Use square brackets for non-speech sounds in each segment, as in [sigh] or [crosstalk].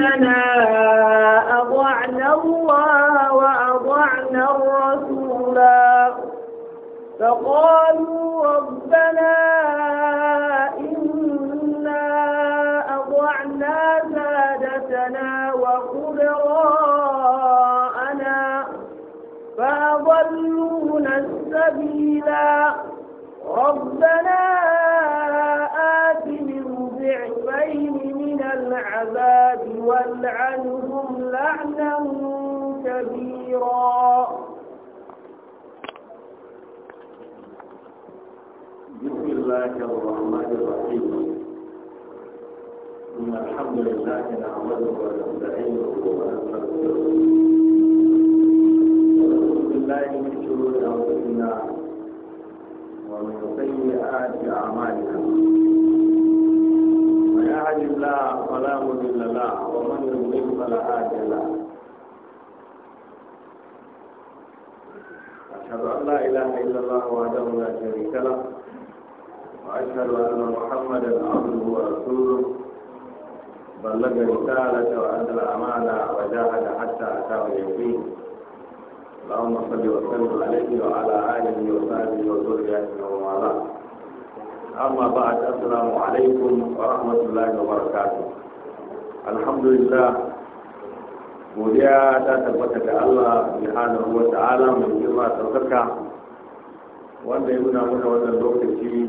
عندنا ونستعينه ونستغفره ونعوذ بالله من شرور انفسنا ومن سيئات اعمالنا من يهد الله فلا مضل له ومن يضلل فلا هادي له أشهد أن لا إله إلا الله وحده لا شريك له وأشهد أن محمدا عبده ورسوله بلغ رسالة وادى الامانه وجاهد حتى اتاه اليقين اللهم صل وسلم عليه وعلى اله وصحبه وذريته وموالاه اما بعد السلام عليكم ورحمه الله وبركاته الحمد لله وليا تثبت الله سبحانه وتعالى من جمع تركة وأن يكون هنا وأن الوقت فيه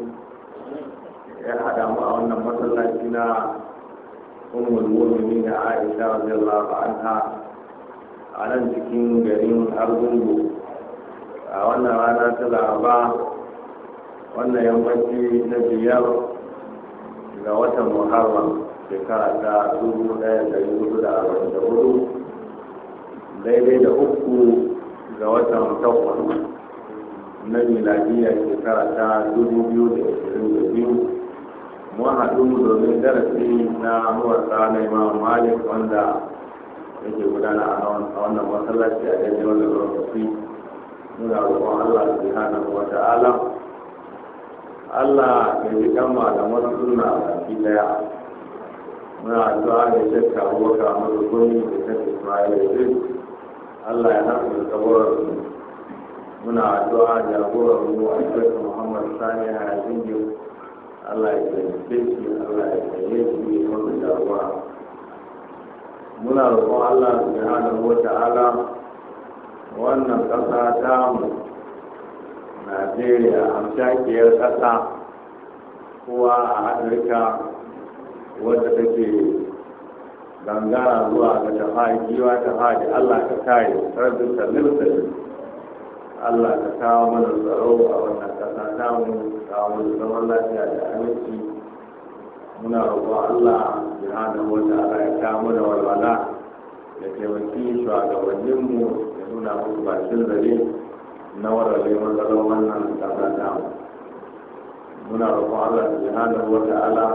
أحد أمر أن مثلا أم المؤمنين na رضي الله عنها a nan cikin garin argungu a wannan rana ta laraba wannan yammaci na biyar ga watan muharram shekara ta dubu ɗaya da hudu da arba'in da hudu daidai da uku ga watan takwas na miladiya shekara ta dubu biyu da ashirin da biyu mun haɗu domin darasi na muwasa na imam malik wanda ke gudana a wannan masallaci a daidai wanda lokaci muna roƙon allah subhanahu wa ta'ala allah ya ji kan malaman suna baki daya muna addu'a da shakka abubakar amadu gumi da shakka ismail idris allah ya nasu da kaburar muna addu'a jagorar mu a shakka muhammad sani a yanzu Allah ya taimake shi Allah ya tsaye shi ya masa jagora muna roƙon Allah subhanahu wata ta'ala wannan ƙasa ta mu Najeriya amshakiyar ƙasa kowa a Afirka wadda take gangara zuwa ga tafa giwa tafa da Allah ka kare sarfin sallin sallin Allah ka kawo mana tsaro a wannan ƙasa tamu kawo mana zaman lafiya da aminci muna roƙon Allah hana wata Ala, ya kawo mana walwala ya taimaki a mu ya nuna musu bakin zare na warware matsalar wannan ƙasa mu. muna roƙon Allah hana wata Ala,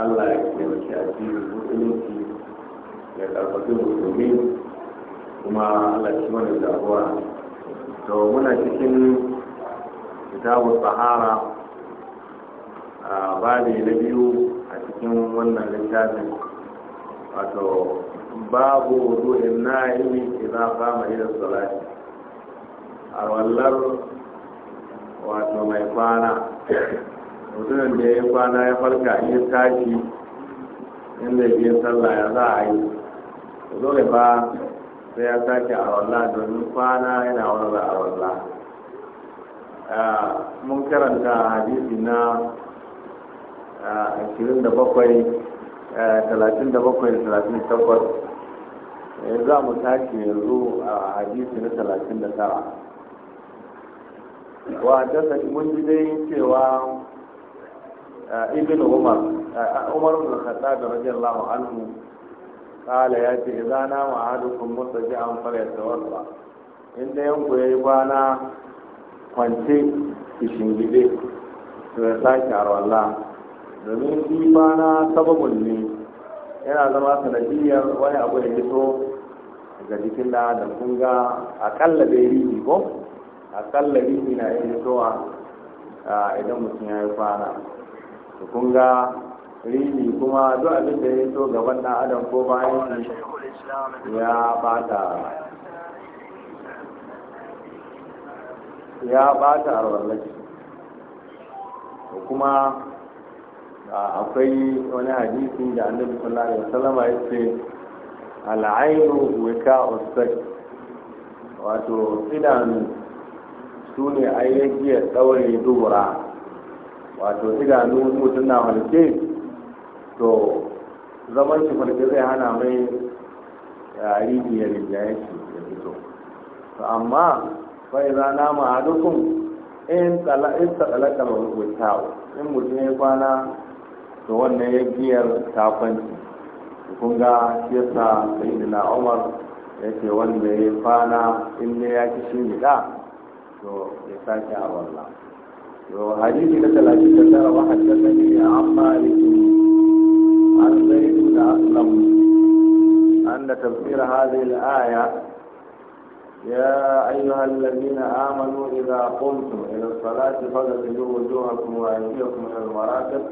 Allah ya taimaki a cikin musulunci ya karfafi musulmi kuma Allah shi mana jagora to muna cikin kitabu sahara A babi na biyu a cikin wannan littafin wato babu wudu'in za idan kama ila salati wallar wato mai kwana mutumin da ya yi kwana ya farka ya tashi inda ya sallah ya za a yi zo ba sai ya sake a wallah domin kwana yana warza a wallah mun karanta hadisi na 27 ah, 37 eh, eh, za mu sake yanzu a hadisi na 39 wa dasa mun ji dai cewa ah, ibn umar ah, umar bin khattab radiyallahu anhu kala ya ce idza na ma ahadukum mustaji'an falyatawaffa in da yanku yayi bana kwance kishingide to ya sake arwalla domin shi kwana sababin ne yana zama sanadiyar wani abu ya fito daga jikin da da kun ga akalla bai rihi ko akalla rihi na yin fitowa idan mutum ya yi kwana to kun ga rini kuma duk abin da ya so gaban ɗan adam ko bayan shi ya bata ya bata ko kuma akwai wani hadisi da annabi sallallahu alaihi wasallam ya ce al'ainu wika ustak wato idanu su ne ayyakiyar tsawon dubura wato idanu mutum na halke to zaman shi farke zai hana mai rijiya rijiyayen shi ya fito to amma bai za na ma'adukun in tsakalaka ba tawo in mutum ya kwana to wannan ya biyar tafanci kun ga shi sai da na umar ya ce wanda ya kwana in ne ya ki shi da? to ya sake a wallah to hadisi na talatin da tara wa haddasa ne amma malikin أسلموا أن تفسير هذه الآية يا أيها الذين آمنوا إذا قمتم إلى الصلاة فاغسلوا وجوهكم وأيديكم إلى المرافق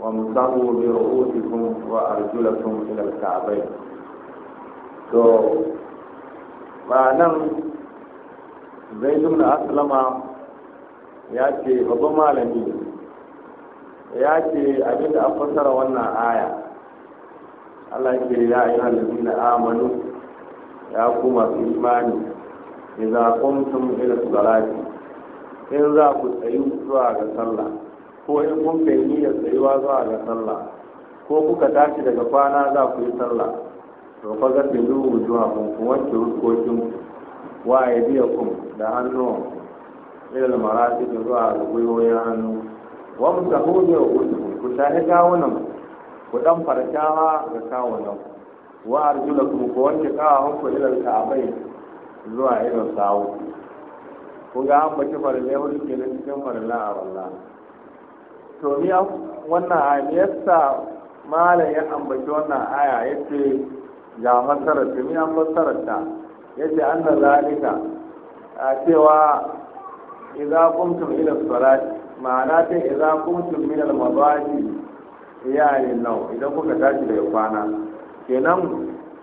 وامسحوا برؤوسكم وأرجلكم إلى الكعبين. تو زيد بن أسلم يأتي ce babban malami ya ce abinda an fassara wannan aya Allah ya ce ya ayyuhal ladina amanu ya ku masu imani a qumtum ila salati in za ku tsayu zuwa ga sallah ko in kun kai niyyar tsayuwa zuwa ga sallah ko kuka tashi daga kwana za ku yi sallah to fa ga zuwa zuwa kun ku wanke rukokin wa kun da hannuwan ila da maratiq zuwa ga gwiwoyin hannu wa mutahu bi rukukum ku shahi gawunan ku ku dan fartawa ga nan wa kuma ku wanke kawahun ku ilal ka'abai zuwa irin sawo ku ga an baci farle wani ke na cikin farla a walla to ni wannan aya me yasa malam ya ambaci wannan aya yace ya fassara ta ni an fassara ta yace anna zalika a cewa idza qumtum ila salati ma'ana ta idza qumtum min al-madaji iyayen nau idan kuka tashi daga kwana kenan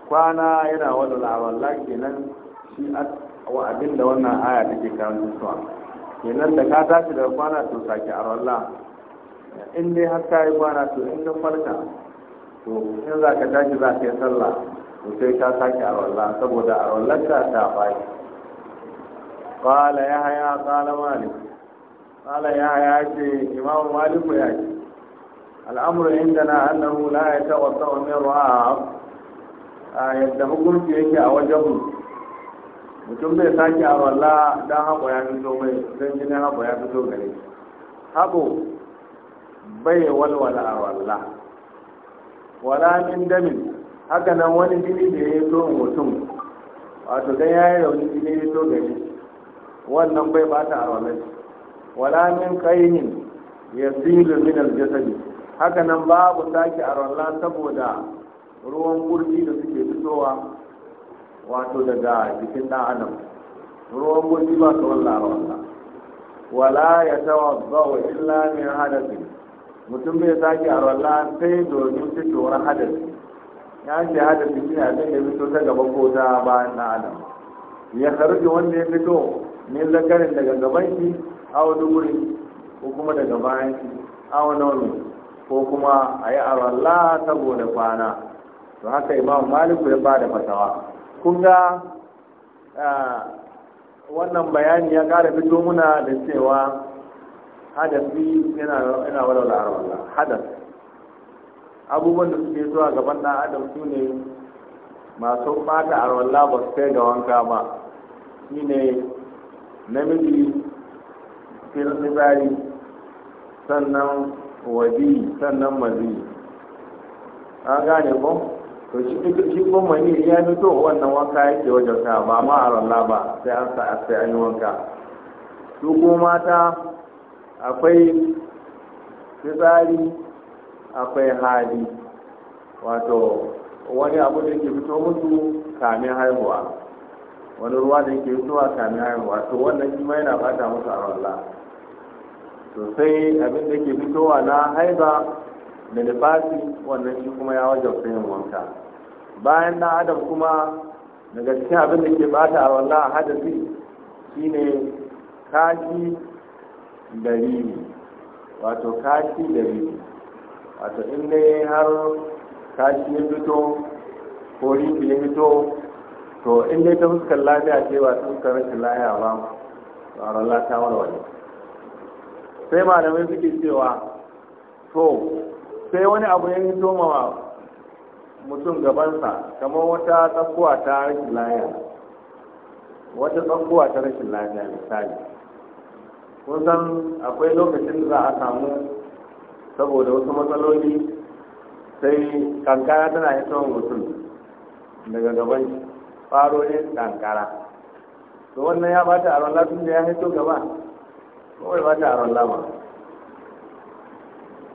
kwana yana wani lawalla kenan shi wa abin da wannan aya take kawo suwa kenan da ka tashi daga kwana to sake a walla in dai har ka yi kwana to in ka farka to in za ka tashi za ka yi sallah to sai ka sake a saboda a ta, ta bai qala yahya qala malik qala yahya ce imamu maliku ya ce al'amuru indana annahu la ya tawassa min ra'ab a yadda hukunci yake a wajen mu mutum bai sake a walla don haƙo ya fito don jinin haƙo ya fito gare shi bai walwala a walla wala min damin haka wani jini da ya yi to mutum wato dan ya yi rauni jini ya to gare shi wannan bai bata a walla wala min kainin ya zilu min aljasadi haka nan babu sake a rolla saboda ruwan kurji da suke fitowa wato daga jikin ɗan adam ruwan kurji ba su a rolla wala ya tawazzau illa min hadasi mutum bai sake a rolla sai domin fitowar hadasi ya ce hadasi shi abin da fito ta gaba ko ta bayan ɗan adam ya karfi wanda ya fito ne zakarin daga gaban shi a wani wuri ko kuma daga bayan shi a wani wuri ko kuma a yi arwalla saboda kwana to haka imam maliku ya ba da fatawa kun ga wannan bayani ya kara fito muna da cewa hadafi yana walwala arwalla hadas abubuwan da suke zuwa gaban na adam su ne masu ɓata arwalla ba su kai ga wanka ba shi namiji filin sannan wadi sannan mazi a gane ko to shi ko mani ya fito wannan wanka yake wajen ka ba ma a ba sai an sa sai an yi wanka su kuma mata akwai fitsari akwai hali wato wani abu da yake fito musu kamin haihuwa wani ruwa da yake fitowa kamin haihuwa to wannan shi ma yana bata musu a Sosai sai abin da ke fitowa na haiba da nifasi wannan shi kuma ya wajen yin wanka bayan na adam kuma daga gaske abin da ke bata a wallah hadasi ne kashi da riri wato kashi da riri wato inda har kashi ya fito ko riri ya fito to inda ya ta fuskar lafiya ce ba ta fuskar rashin lafiya ba to ta warware sai malamai suke cewa to sai wani abu ya yi wa mutum gabansa kamar wata tsakuwa ta rashin lafiya wata tsakuwa ta rashin lafiya misali kun san akwai lokacin da za a samu saboda wasu matsaloli sai kankara tana yi tsohon mutum daga gaban faro ne kankara to wannan ya bata a tun da ya haito gaba kawai ba ta aron lama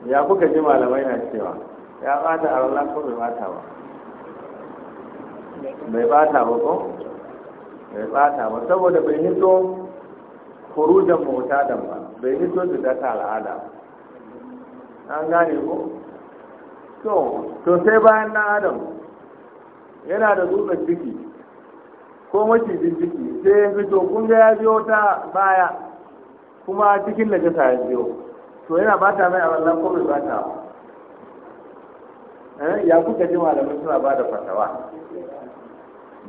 ya kuka ji malamai na cewa ya bata aron lama ko bai bata ba bai bata ba ko bai bata ba saboda bai hito kurujan da ba bai hito da ta al'ada an gane ko to to sai bayan na adam yana da dutsen ciki ko macijin ciki sai ya fito kunga ya biyo ta baya kuma cikin najasa ya biyo to yana bata mai a wallan ko ba bata eh, ya kuka ji malamin suna ba da fatawa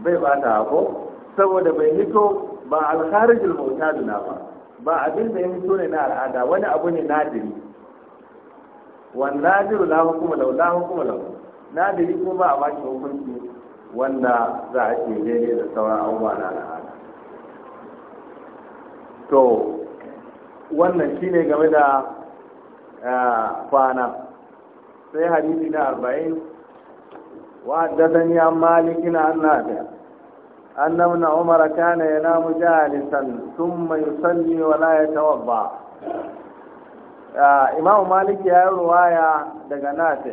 bai bata ko saboda bai hito ba alkharijul mutaduna ba ba abin da ya hito ne na al'ada wani abu ne nadiri wan nadiru la hukuma law la hukuma lau? nadiri kuma ba a baki hukunci wanda za a ce daidai da sauran abubuwa na al'ada to wannan shi ne game da kwana sai hadisi na arba'in. 40 wadatan ya maliki na annabi annabi na umar kana ya namu jalisan sun mai salli wala ya tawabba imamu maliki ya yi ruwaya daga nafi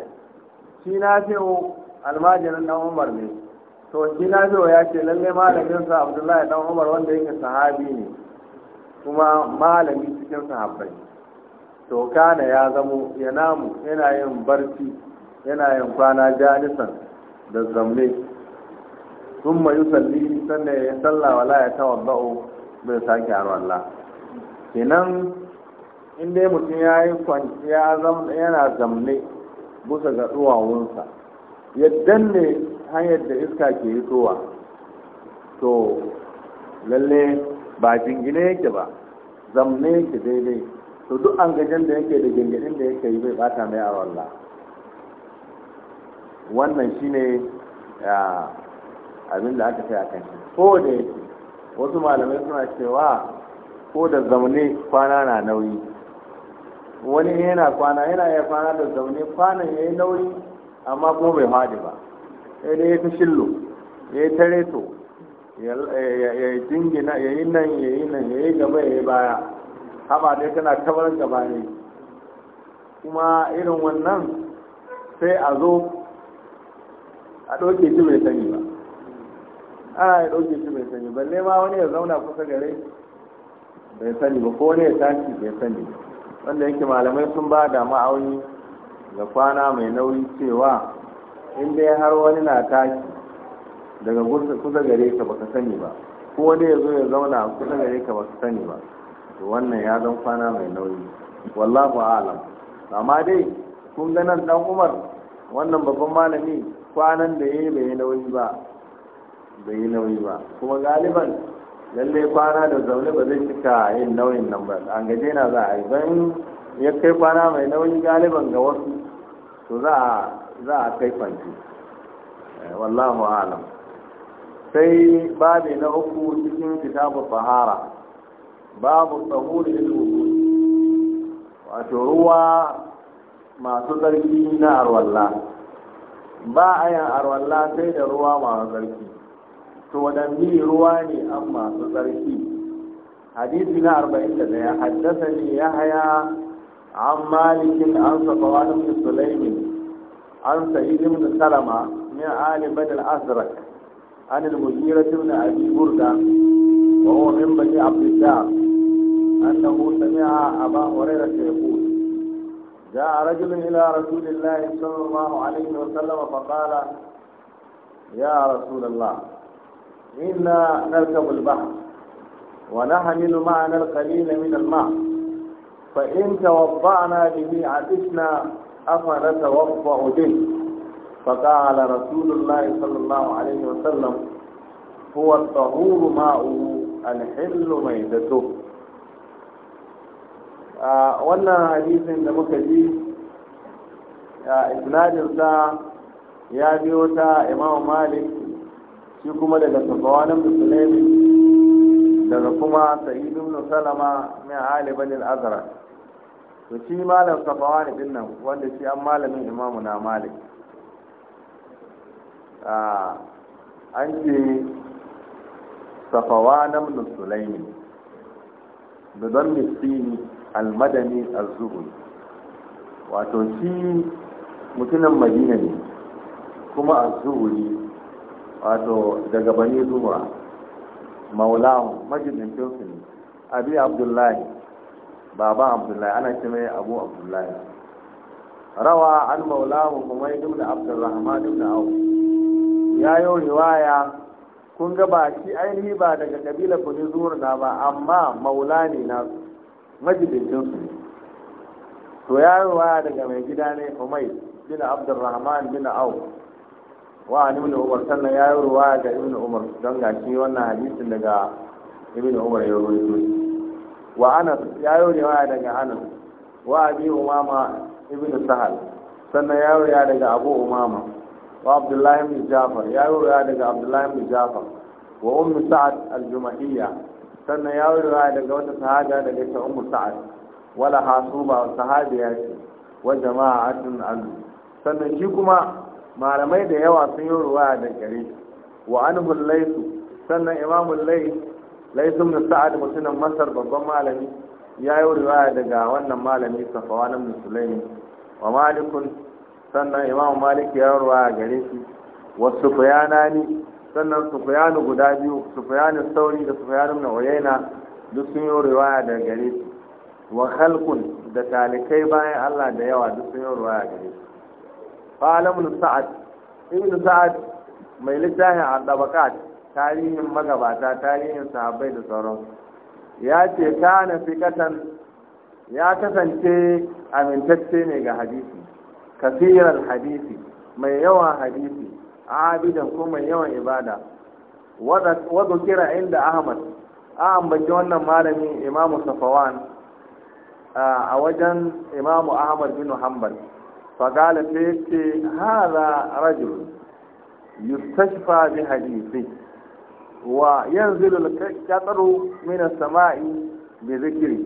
shi na fiyo almajinin na umar ne to shi na fiyo ya ce lalle malamin sa abdullahi dan umar wanda yake sahabi ne kuma malami cikin sahabbai to kana ya zamo ya namu yana yin barci yana yin kwana jalisan da zamne sun yi salli sannan ya salla wala ya tawabba'u bai sake arwallah kenan in dai mutum ya yi kwanciya yana zamne busa ga duwawunsa yadda ne hanyar da iska ke yi towa to lalle ba jingine yake ba zamne yake daidai to duk an gajen da yake da gingirin da yake yi bai bata mai a walla wannan shi shine abin da aka sai a kan ko da yake wasu malamai suna cewa ko da zaune kwana na nauyi wani yana kwana yana ya kwana da zaune kwanan ya yi nauyi amma kuma bai hadi ba sai dai ya ta shillo ya yi ta reto ya jingina ya yi nan ya yi nan ya yi gaba ya yi baya haɓa dai tana tabar gaba ne kuma irin wannan sai a zo a ɗauke shi bai sani ba ana ya ɗauke shi bai sani balle ma wani ya zauna kusa gare bai sani ba ko wani ya tashi bai sani wanda yake malamai sun ba da ma'auni ga kwana mai nauyi cewa in dai har wani na tashi daga kusa gare ka baka sani ba ko wani ya zo ya zauna a kusa gare ka baka sani ba to wannan ya zan kwana mai nauyi wallahu alam amma dai kun ga nan dan umar wannan babban malami kwanan da ya yi bai nauyi ba bai yi nauyi ba kuma galiban lalle kwana da zaune ba zai cika yin nauyin nan ba an gaje na za a yi ban ya kai kwana mai nauyi galiban ga wasu to za a kai kwanci eh, wallahu alam sai babi na uku cikin kitabu fahara, babu tsahuri da wato ruwa masu tsarki na arwalla ba a yin arwalla sai da ruwa masu tsarki to waɗanne ruwa ne an masu tsarki hadisi na arba'in da daya haddasa ne ya haya an malikin an sabawa da musulmi an sa'idin ibn salama min ali badal azrak عن المسيرة بن أبي بردة وهو من بني عبد الدار أنه سمع أبا هريرة يقول جاء رجل إلى رسول الله صلى الله عليه وسلم فقال يا رسول الله إنا نركب البحر ونحمل معنا القليل من الماء فإن توضعنا به عدسنا أفنتوضع به فقال رسول الله صلى الله عليه وسلم هو الطهور ماؤه الحل ميتته wannan hadisin da muka ji isnadinsa ya biyo ta imam malik shi kuma daga sabawanin musulmi daga kuma sa'idu ibn salama min ali banil to shi malam sabawani din nan wanda shi an malamin imamu na malik Ah, an ce safawa na sulaimi da don misini almadani azuhuri wato shi mutumin madina ne kuma azuhuri wato daga bani zuwa maulahu majalin ne abi abdullahi baba abdullahi ana ce mai abu abdullahi rawa an maulahu kuma da Abdullahi ma abdurrahman da abu ya yi riwaya kun ga ba shi ainihi ba daga kabilar bani zuwar na ba amma maula ne na majalicin to ya yi riwaya daga mai gida ne umai bin abdurrahman bin au wa an ibn umar sannan ya yi riwaya ga ibn umar don ga shi wannan hadisin daga ibn umar ya rawaito wa anas ya yi riwaya daga anas wa abi umama ibn sahal sannan ya yi riwaya daga abu umama wa abdullahi ibn jafar ya yi ruwaya daga abdullahi ibn jafar wa ummu sa'ad al-jumahiyya sannan ya yi ruwaya daga wata sahaja daga ita ummu sa'ad wala hasuba wa sahabiya ce kuma malamai da yawa sun yi ruwaya da gare wa anhu sannan imamu lays lays sa'ad mutumin masar babban malami ya yi ruwaya daga wannan malami safawa na musulmi wa malikun sannan imam malik ya ruwa gare shi fayana ne sannan fayana guda biyu fayana sauri da fayana na wayena, duk sun yi riwaya da gare shi wa halkun da talikai bayan Allah da yawa duk sun yi riwaya gare shi fa alamun sa'ad ibnu sa'ad mai littafin al-dabaqat tarihin magabata tarihin sahabbai da sauran ya ce kana fikatan ya kasance amintacce ne ga hadisi kafiran hadisi mai yawan hadisi abidan ko mai yawan ibada wadda kira inda ahmad a ambaci wannan malami imamu safawan a wajen imamu ahmad bin hanbal fagala ta yace hada rajul yustashfa bi hadisi wa yanzu al-qatru samai bi zikiri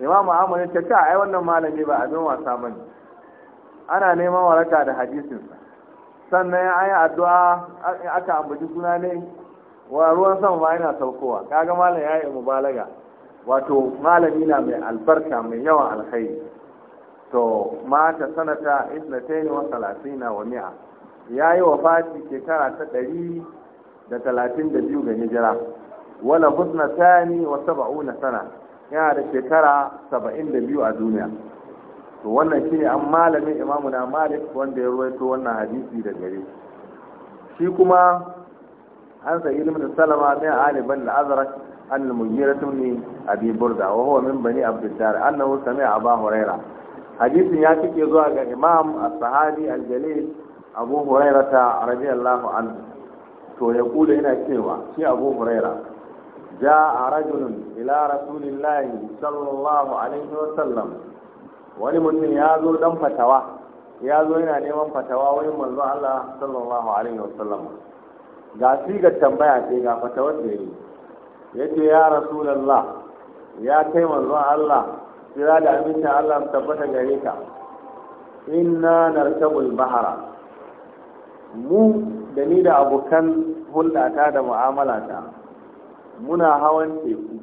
imamu ahmad ya ce ai wannan malami ba abin wasa bane ana neman waraka da hadisinsa sannan ya yi addu'a aka ambaci suna ne wa ruwan sama ma yana saukowa kaga malam ya yi mubalaga wato malami na mai albarka mai yawan alkhairi to mata sanata isnatayn wa salatina wa mi'a yayi wafati shekara ta ɗari da talatin da biyu ga hijira wala husna tani wa saba'una sana yana da shekara saba'in da biyu a duniya to wannan shine an malamin imamu na malik wanda ya ruwaito wannan hadisi da gare shi kuma an sa ilmin salama min aliban al-azraq an al-mughira ibn abi burda wa huwa min bani abdullah annahu sami'a aba huraira hadisin ya kike zuwa ga imam as-sahabi al-jalil abu huraira ta radiyallahu anhu to ya kula yana cewa shi abu huraira جاء رجل إلى رسول الله صلى الله عليه وسلم wani mutum ya zo dan fatawa ya zo yana neman fatawa wani manzo Allah sallallahu alaihi wasallam ga ga tambaya ce ga fatawar da yi yace ya rasulullah ya kai manzo Allah kira da amincin Allah tabbata gare ka inna narkabul bahara mu da ni da abokan hulɗata da mu'amala ta. muna hawan teku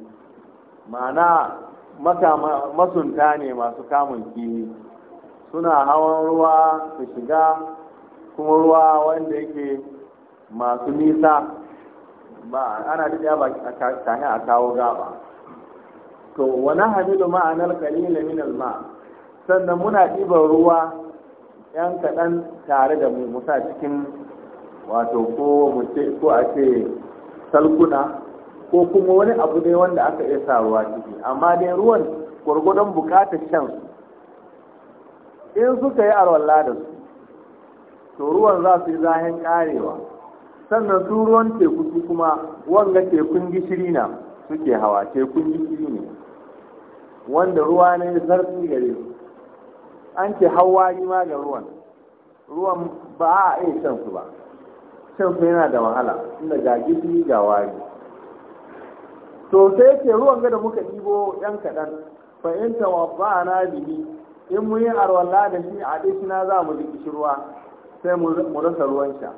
ma'ana masunta ne masu kamun kini suna hawan ruwa su shiga kuma ruwa wanda yake masu nisa ba ana da ba kahin a kawo gaba to wani hamilu ma'anar kalilin minal ma, sannan muna ɗiban ruwa yan kaɗan tare da mu musa cikin wato ko ko a ce salkuna ko kuma wani abu ne wanda aka iya sa ruwa ciki amma dai ruwan gwargwadon bukatar shan su in suka yi arwalla da su to ruwan za su yi zahen karewa sannan su ruwan teku su kuma wanga tekun gishiri na suke hawa tekun gishiri ne wanda ruwa ne zarfi gare su an ce hawa yi ma ga ruwan ruwan ba a iya shan su ba shan su yana da wahala inda ga gishiri ga wari to sai ce ruwan ga da muka ɗibo yan kaɗan fa in tawaffa na bihi in mun yi arwalla da shi a na za mu ji ruwa, sai mu rasa ruwan sha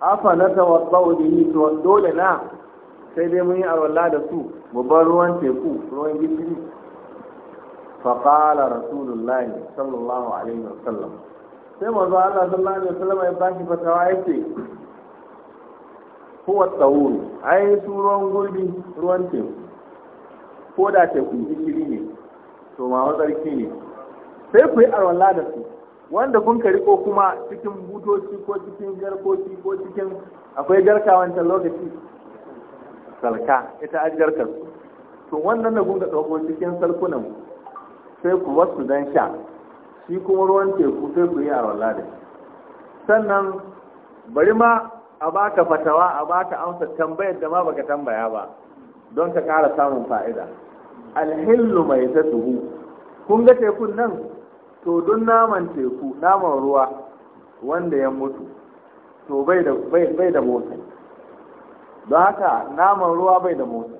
afa na tawaffa bihi to dole na sai dai mun yi arwalla da su mu bar ruwan teku ruwan gishiri fa qala rasulullahi sallallahu alaihi wasallam وسلم sai manzo Allah sallallahu alaihi wasallam ya baki fatawa yake huwa tsawuru ai su ruwan gurbi ruwan teku ko da teku gishiri ne to ma matsarki ne sai ku yi arwala da su wanda kun ka ko kuma cikin butoci ko cikin garkoci ko cikin akwai garka wancan lokaci salka ita an garkar su to wannan da kun ka ɗauko cikin salkunan sai ku wasu don sha shi kuma ruwan teku sai ku yi arwala da shi sannan bari ma a baka fatawa a baka amsa tambayar da ma baka tambaya ba don ka ƙara samun fa'ida alhillu mai ta tuhu kun ga tekun nan to don naman teku naman ruwa wanda ya mutu to bai da bai da motsi don haka naman ruwa bai da motsi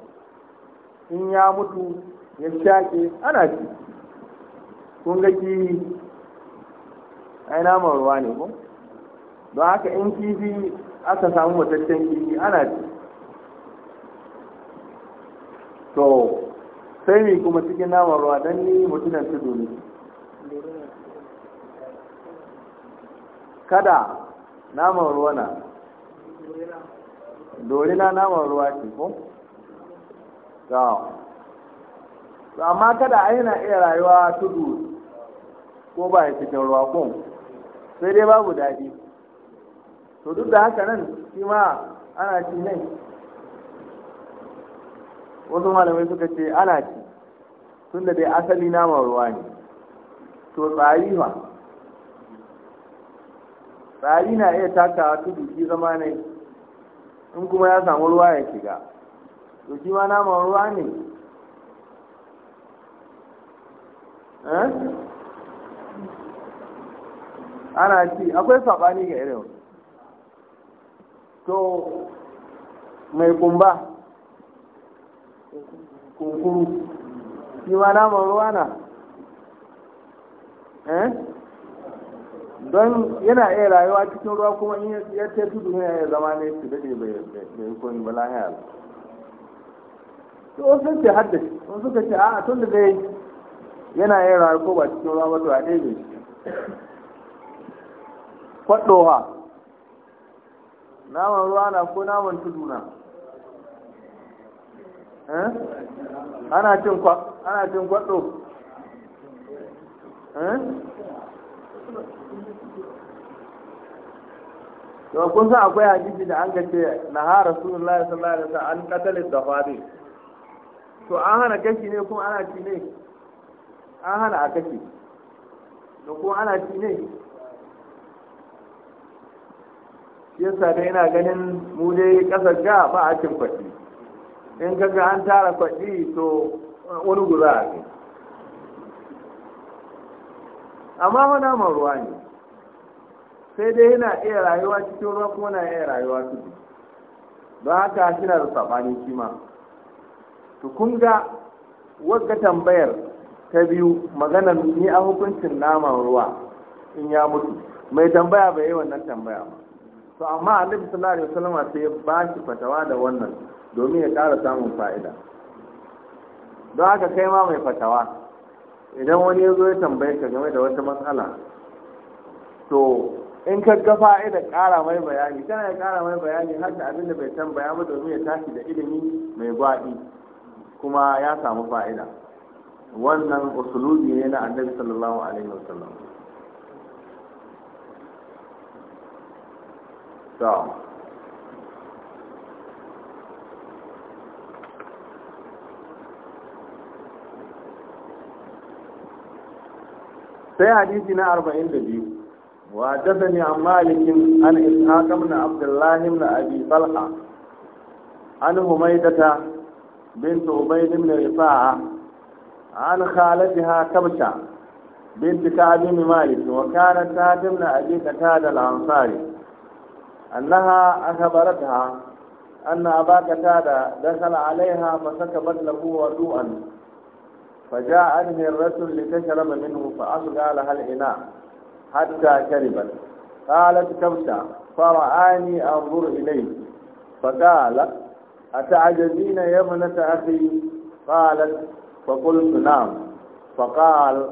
in ya mutu ya shaƙe ana ci kun ga kifi ai naman ruwa ne ko don haka in kifi aka samu mataccen kifi ana ci to sai mi kuma cikin naman ruwa don ni mutunan tudu ne kada naman ruwa na dorina naman ruwa ce ko? to amma kada a yana iya rayuwa tudu ko ba ya cikin ruwa kun sai dai babu daɗi to duk da haka nan shi ma ana ci ne wasu malamai suka ce ana ci tunda dai asali nama ruwa ne to tsari ma tsari na iya takawa tudu shi zama ne in kuma ya samu ruwa ya shiga to shi ma nama ruwa ne eh? ana ci akwai saɓani ga irin to mai kumba kunkuru shi ma naman ruwa na eh don yana iya rayuwa cikin ruwa kuma in ya ce tudu ne ya zama ne su dade bai bai koyi ba lahiya to wasu ce haddace wasu suka ce a tun da dai yana iya rayuwa ko ba cikin ruwa ba to a ɗaya bai kwaɗowa naman ruwa na ko naman duna. na eh? ana cin kwa ana cin eh? to kun san akwai hadisi da an ga na ha rasulullahi sallallahu alaihi wasallam an katale da fadi to an hana kashi ne kuma ana ci ne an hana a kashi da kuma ana ci ne yasa da yana ganin mu dai kasar ga ba a cin kwaɗi in ka ga an tara kwaɗi to uh, wani guza a kai amma naman ruwa ne sai dai yana iya rayuwa cikin ruwa kuma na iya rayuwa tudu don haka shi na da saɓani shi ma to kun ga wagga tambayar ta biyu maganar ni a hukuncin naman ruwa in ya mutu mai tambaya bai yi wannan tambaya ba to amma annabi sallallahu alaihi wasallam sai ya bashi fatawa da wannan domin ya ƙara samun fa'ida don haka kai ma mai fatawa idan wani ya zo ya tambaye ka game da wata matsala to in ka ga fa'ida kara mai bayani kana ya ƙara mai bayani har da abin da bai tambaya ba domin ya tashi da ilimi mai gwaɗi kuma ya samu fa'ida wannan usulubi ne na annabi sallallahu alaihi wasallam Sai hadisi na 42, wa dada ne a malikin an ishaƙam na Abdullahi na Abi Falha, an humaitata binta Ubaidun na Rifa'a, an khalati ha kamta binta ta bi malikin wa kanan ta dimna a jikata da lansari. أنها أخبرتها أن أبا قتادة دخل عليها فسكبت له وضوءا فجاء أنه الرسل لتشرب منه فأسقى لها الإناء حتى شربت قالت كبشة فرآني أنظر إليه فقال أتعجبين يا ابنة أخي قالت فقلت نعم فقال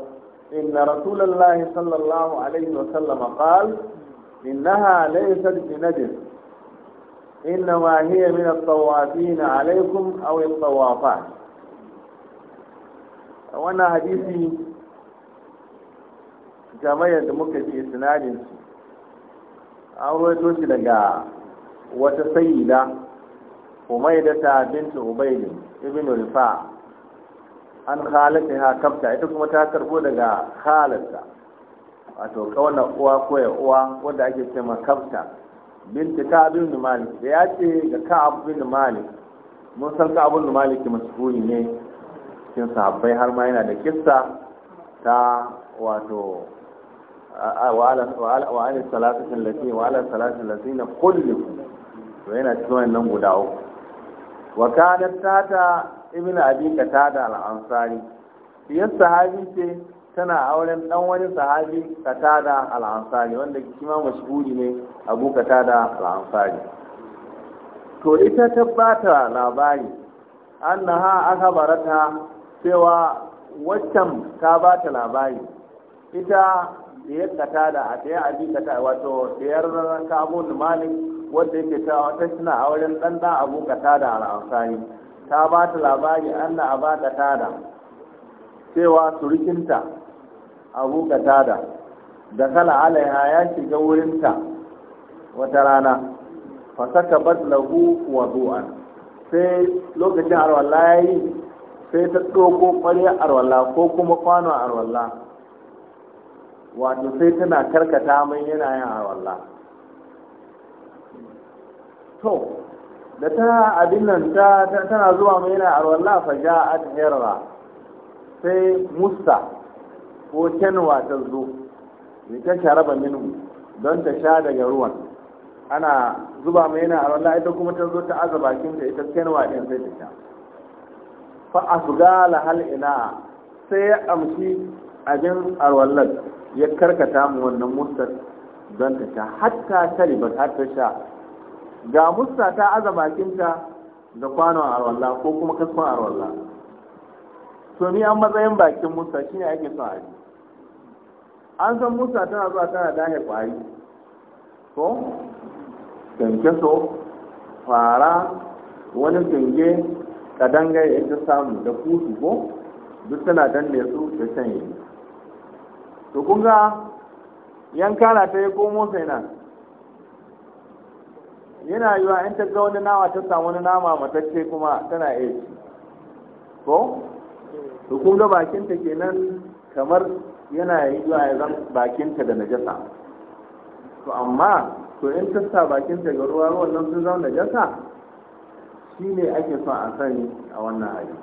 إن رسول الله صلى الله عليه وسلم قال إنها ليست بنجس إنما هي من الطوافين عليكم أو الطوافات وانا حديثي جماعة مكتي إسنادين an roito shi daga wata sayida umaidata bintu ubaidi ibn rifa an khalatiha kafta ita kuma ta karbo daga khalata wato kawana uwa ko ya uwa wanda ake cewa makabta binti ka abin da malik ya ce ga ka abin da malik mun san ka abin da malik masuhuni ne cikin sahabbai har ma yana da kissa ta wato wa ala salatin lati wa ala salatin lati na kulli to yana cikin wannan guda uku wa kana tata ibnu abi katada al-ansari yin sahabi ce tana auren dan wani sahabi katada al-ansari wanda shi ma mashhuri ne abu katada al-ansari to ita ta bata labari annaha aka barata cewa waccan ta bata labari ita da ya katada a ɗaya abi kata wato da ya rarraka kamun da malik wanda yake ta wata suna auren dan dan abu katada al-ansari ta bata labari anna aba katada cewa surukinta abu katada da kala alaiha ya shiga wurinta wata rana fasaka badlahu wa zuwa. sai lokacin arwalla ya yi sai ta ɗauko ƙwarya arwalla ko kuma kwano arwalla wato sai tana karkata mai yana yin arwalla to da ta abin nan tana zuwa mai yana arwalla fa ja'at hirra sai musta ko kenwa ta zo ta sharaba minu don ta sha daga ruwan ana zuba mai yana a ita kuma ta zo ta aza bakin ta ita kenwa din sai ta sha fa asgala hal ina sai ya amshi abin arwallar ya karkata mu wannan mustar don ta sha hatta ta riba har ta sha ga musta ta aza bakin ta da kwanon arwalla ko kuma kaskon arwalla to ni an matsayin bakin musta shine ake son a an san musa tana zuwa tana dahe kwari ko kyankyaso fara wani kyange kadangai in ta samu da kutu ko duk tana danne su da canye to kun ga yankara ta yi komo sai nan yana yi in ta ga wani nama ta samu wani nama matacce kuma tana iya ko to kun ga bakinta kenan kamar yana yi zuwa ya zan bakinta da najasa to amma to in tasta bakinta ga ruwa ruwan nan sun zama najasa shi ne ake son a sani a wannan hali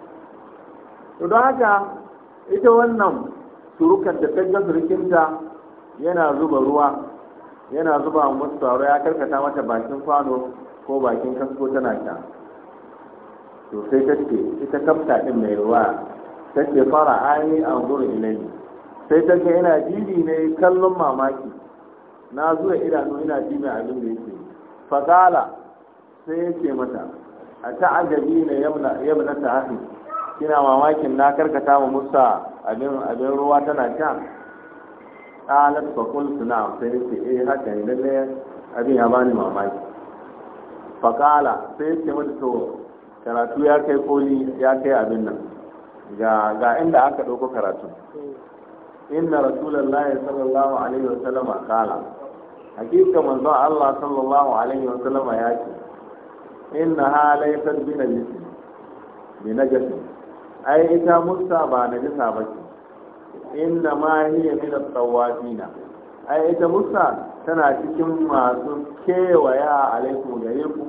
to don haka ita wannan surukar da ta ga surukinta yana zuba ruwa yana zuba musu taro ya karkata mata bakin kwano ko bakin kasko tana ta. to sai ta ce ita kafta din mai ruwa ta ce fara ainihin an zuru ilayi sai ta ga ina jini ne kallon mamaki na zuwa idanu ina dibi abin da yake fagala sai yake mata a agabi ne yabna yabna ta haɗu kina mamakin na karkata ma musa abin abin ruwa tana sha qalat fa suna na'am sai ce eh haka ne lalle abin ya bani mamaki fakala sai ce mata to karatu ya kai koli ya kai abin nan ga inda aka ɗauko karatu inna rasulullahi sallallahu alaihi wa sallama kala hakika manzon Allah sallallahu alaihi wa sallama ya ce inna ha laysa bi najis bi najis ai ita musa ba najisa ba ce inna ma hiya min at-tawafina ai ita musa tana cikin masu kewaya alaikum gare ku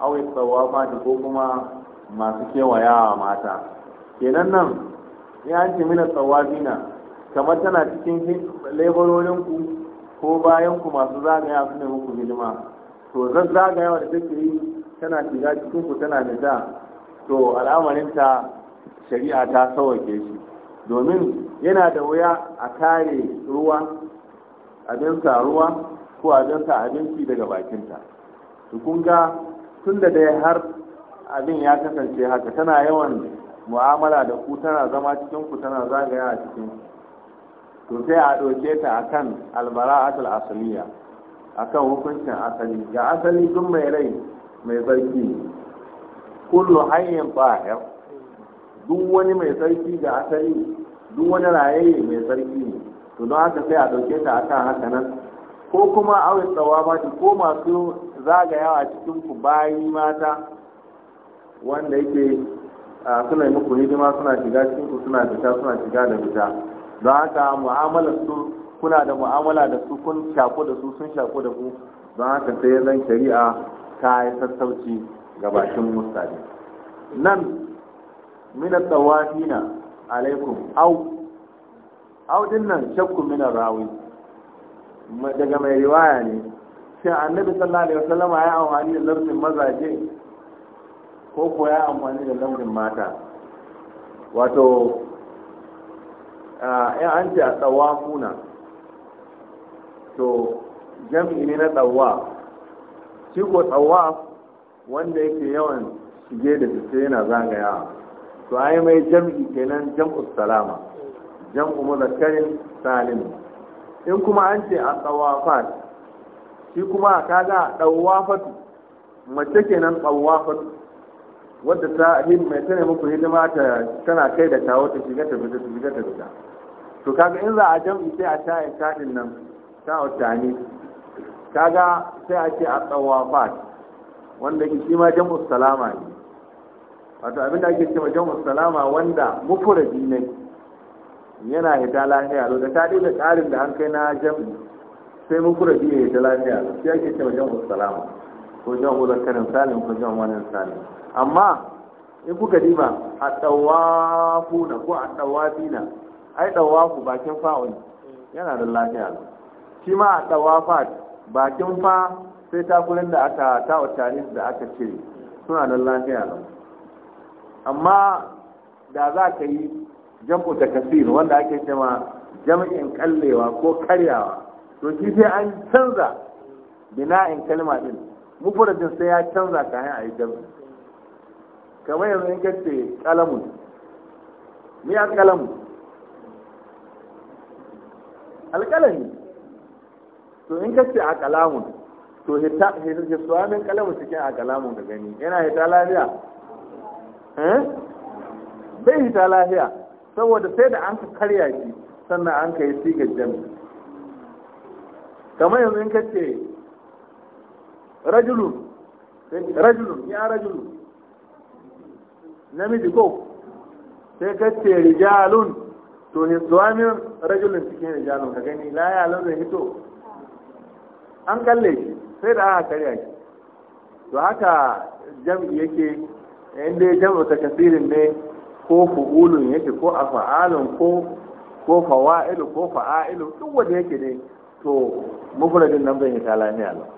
aw at-tawafati ko kuma masu kewaya mata kenan nan ya ce min at-tawafina kamar tana cikin laborolin ku ko bayan ku masu zagaya su ne muku hidima to zan zagaya da take yi tana shiga cikin ku tana da to ta shari'a ta sauwake shi domin yana da wuya a kare ruwa abinsa ruwa ko abinsa abinci daga bakinta to kun ga tun da dai har abin ya kasance haka tana yawan mu'amala da ku tana zama cikin ku tana zagaya a cikin ku to sai a ɗauke ta a kan albara'atul asaliya a kan hukuncin asali ga asali duk mai rai mai tsarki ne kullu hanyar tsahir duk wani mai tsarki ga asali duk wani rayayye mai tsarki ne to don haka sai a ɗauke ta a kan haka nan ko kuma ba shi, ko masu zagayawa cikin ku bayi mata wanda yake suna yi muku hidima suna shiga cikin ku suna fita suna shiga da fita don haka mu'amalar su kuna da mu'amala da su kun shaku da su sun shaku da ku don haka sai zan shari'a ta yi sassauci ga bakin mustali nan min tsawafina alaikum au au din nan shakku mina rawi daga mai riwaya ne shin annabi sallallahu alaihi wasallama ya amfani da lardin mazaje ko ko ya amfani da lardin mata wato ya eh, an ce a tsawafuna to jam'i ne na tsawa shi ko tsawa wanda yake yawan shige da fice yana zagaya to ai mai jam'i kenan jam'u salama jam'u muzakkarin salim in kuma an ce a tsawafat shi kuma kaga fatu, mace kenan fatu, wadda ta mai tana muku hidima ta tana kai da kawo ta shiga ta fita ta shiga ta fita to kaga in za a jam'i sai a shaye shaɗin nan ta ne kaga sai a ce a ba wanda ke shi ma jam'u salama ne wato abinda ake cewa jam'u salama wanda mufuradi ne yana hita lafiya da ta da ƙarin da an kai na jam'i sai mufuradi ya hita lafiya sai ake cewa jam'u salama ko jam'u zakarin salim ko jam'u wani salim amma in kuka diba a tsawafuna ko a tsawafina ai dawafu bakin fa'u ne yana da lafiya shi ma a dawafa bakin fa sai takulin da aka tawa tarin da aka cire suna da lafiya lau amma da za ka yi jam'u da kasir wanda ake cewa jam'in kallewa ko karyawa to shi sai an canza bina'in kalma din mufuradin sai ya canza kayan a yi jam'i kamar yanzu in kace kalamun Ni a kalamun alƙalami to in ka ce a kalamun to hita suwamin kalamun cikin a kalamun da gani yana hita lafiya eh? bai hita lafiya saboda sai da an ka karya shi sannan an ka yi sigar jami kamar yanzu in ka ce rajulun rajulun ya rajulun namiji ko sai ka ce rijalun to tsawamin rajulun cikin rijalun ka gani la ya lau zai hito an kalle shi sai da aka karya shi to haka jam'i yake inda ya jam'u ta kasirin ne ko fa'ulun yake ko fa'alun ko ko fawa'ilu ko fa'a'ilu duk wanda yake ne to mufradin nan bai hita lafiya lau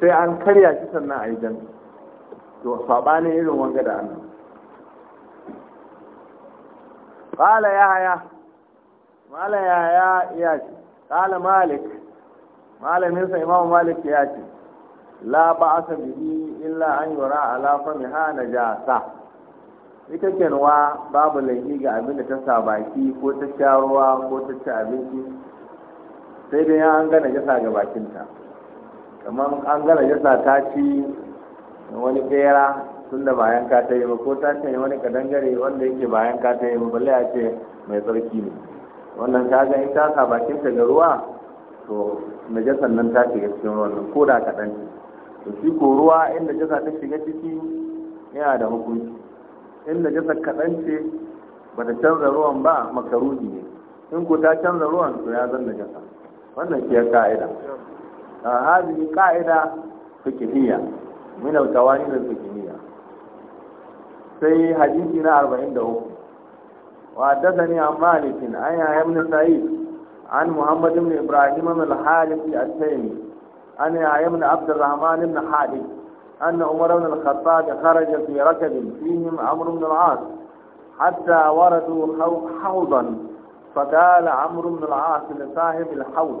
sai an karya shi sannan a yi jam'i to saɓanin irin wanga da annan qala yahya mala ya ce qala malik malamin sa imamu malik ya ce la aka bihi illa an yura ala famiha najasa ita babu laifi ga abin da ta sa baki ko ta sha ko ta ci abinci sai dai an gana jasa ga bakinta kamar an gana jasa ta ci wani bera tun da bayan ka ta yi ba ko ta ce wani ka dangare wanda yake bayan ka ta yi ba balle a ce mai tsarki ne wannan ka ga in ta sa bakin ta ga ruwa to najasan nan ta shiga cikin ruwan ko da kaɗan to shi ko ruwa in najasa ta shiga ciki yana da hukunci in najasa kaɗan ce ba ta canza ruwan ba makaruhi ne in ko ta canza ruwan to ya zan najasa wannan shi ya ka'ida a hazini ka'ida fikiniya min alkawani da fikiniya sai hadisi na 43 وحدثني عن مالك عن يحيى بن سعيد عن محمد بن ابراهيم بن الحارث التيمي عن يحيى بن عبد الرحمن بن حارث ان عمر بن الخطاب خرج في ركب فيهم عمرو بن العاص حتى وردوا حوضا فقال عمرو بن العاص لصاحب الحوض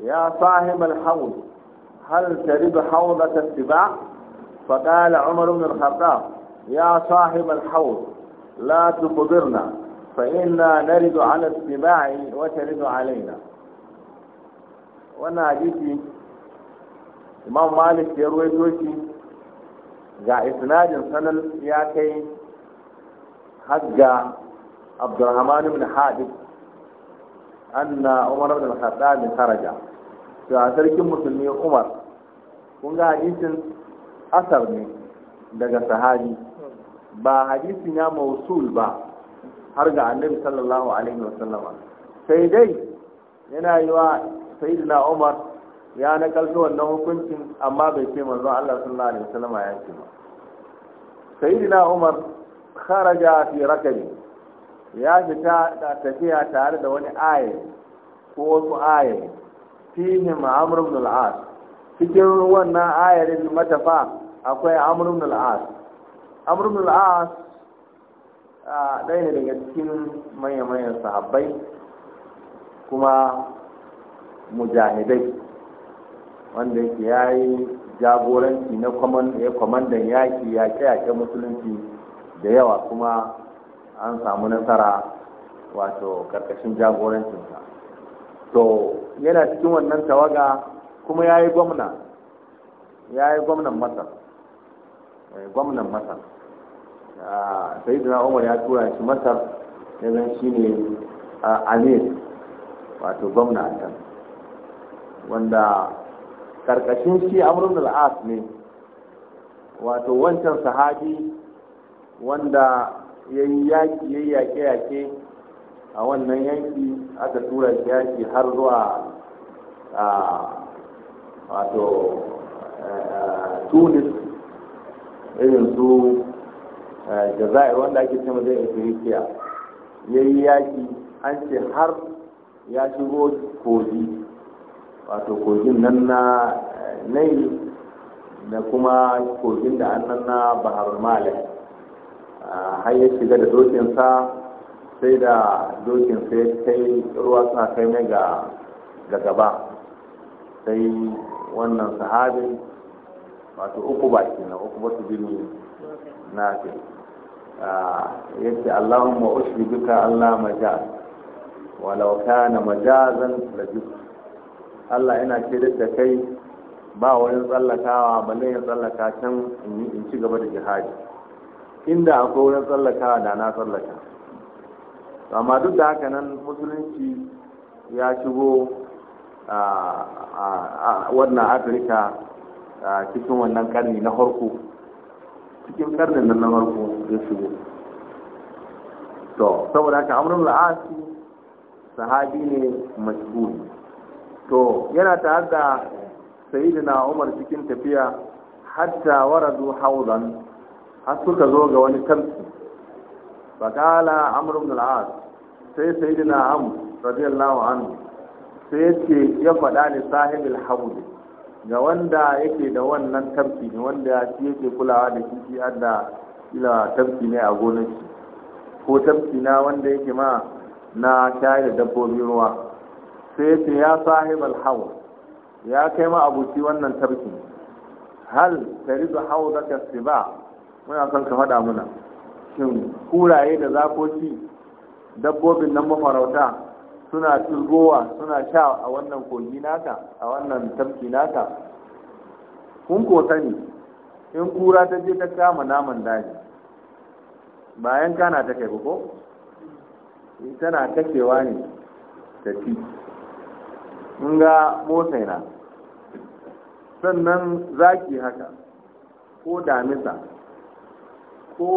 يا صاحب الحوض هل ترد حوضة السباع فقال عمر بن الخطاب يا صاحب الحوض لا تقدرنا فإنا نرد على السباع وترد علينا wannan hadisi imam malik ya ruwaito shi ga isnadin sanan ya kai hajja abdurrahman ibn hadid anna umar ibn al-khattab to a sarkin musulmi umar kun ga hadisin asar ne daga sahadi? ba hadisi na mausul ba har ga annabi sallallahu alaihi wasallama sai dai yana yi wa sayyidina umar ya nakalto wannan hukuncin amma bai ce manzon Allah sallallahu alaihi wasallama ya ce ba sayyidina umar kharaja fi rakabi ya fita da tafiya tare da wani aya ko wasu aya fihi amr ibn al-as cikin wannan ayar matafa akwai amr ibn al-as amr as ɗaya ne daga cikin manya-manyan sahabbai kuma mujahidai wanda yake ya yi jagoranci na kwamandan yaƙi yaƙe-yaƙe musulunci da yawa kuma an samu nasara wato ƙarƙashin jagorancinsa to yana cikin wannan tawaga kuma ya yi gwamna ya yi gwamnan masar eh, gwamnan masar sayyidina umar ya tura shi masar ya zan shi ne amir wato gwamna a can wanda karkashin shi amurin al'as ne wato wancan sahabi wanda ya yi yaƙi ya yaƙe-yaƙe a wannan yanki aka tura shi yaƙi har zuwa a wato eh, eh, tunis irin su jaza'i wanda ake cewa zai ethiopia ya yi yaki an ce har ya shigo kogi wato kogin nan na nai eh, na kuma kogin da an nan na bahar malik ah, har ya shiga da dokinsa sai da dokinsa ya kai ruwa suna kai mai ga gaba sai wannan sahabi wato uku ba kenan uku ba su na nafi yace Allahumma ushhiduka Allah majaz walau kana majazan la Allah ina shaidar da kai ba wani tsallakawa balle ya tsallaka can in ci gaba da jihadi inda akwai wani tsallakawa da na tsallaka amma duk da haka nan musulunci ya shigo a wannan afirka cikin wannan karni na farko cikin karnin nan na farko ya shigo to saboda haka amurin la'asi sahabi ne mashhuri to yana tare da sayyidina umar cikin tafiya hatta waradu hawdan har suka zo ga wani tafsi fakala amr ibn sai sayyidina amr radiyallahu anhu sai yace ya faɗa ne sahibin hawd ga wanda yake da wannan tafki ne wanda shi yake kulawa da shi shi adda ila tafki ne a gonar shi ko tafki na wanda yake ma na shayar da dabbobi ruwa sai yake ya sahib alhawl ya kai ma abuci wannan tarki hal tarizu hawdaka ba. muna son ka faɗa muna shin kuraye da zakoki dabbobin nan mafarauta suna turgowa suna sha a wannan kogi naka a wannan tafki naka kun ko sani in kura ta je ta kama naman daji bayan kana ta kai ko tana kakewa ne ta ci in ga motsai na sannan zaki haka ko damisa ko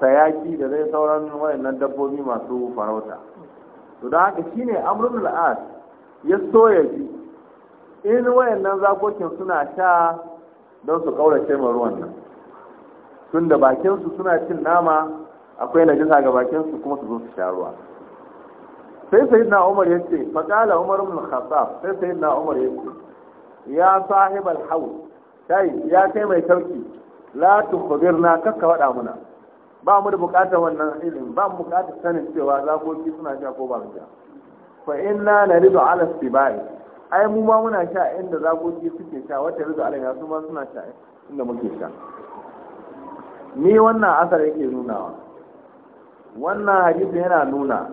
sayaki da zai sauran wayannan dabbobi masu farauta to da haka shine Amurin al'ad ya so ya ji in wayannan zakokin suna sha don su kaurace ma ruwan nan tun da bakinsu suna cin nama akwai jisa ga bakinsu kuma su zo su sha ruwa sai na umar ya ce faqala umar ibn khattab sai na umar ya ce ya sahibal hawl kai ya kai mai sauki la tukhbirna kaka wada muna ba mu da bukatar wannan ilimin ba mu bukatar sanin cewa zakoki suna sha ko ba su sha fa inna la ridu ala sibai ai mu ma muna sha inda zakoki suke sha wata ridu ala ya su ma suna sha inda muke sha ni wannan asar yake nunawa wannan hadisi yana nuna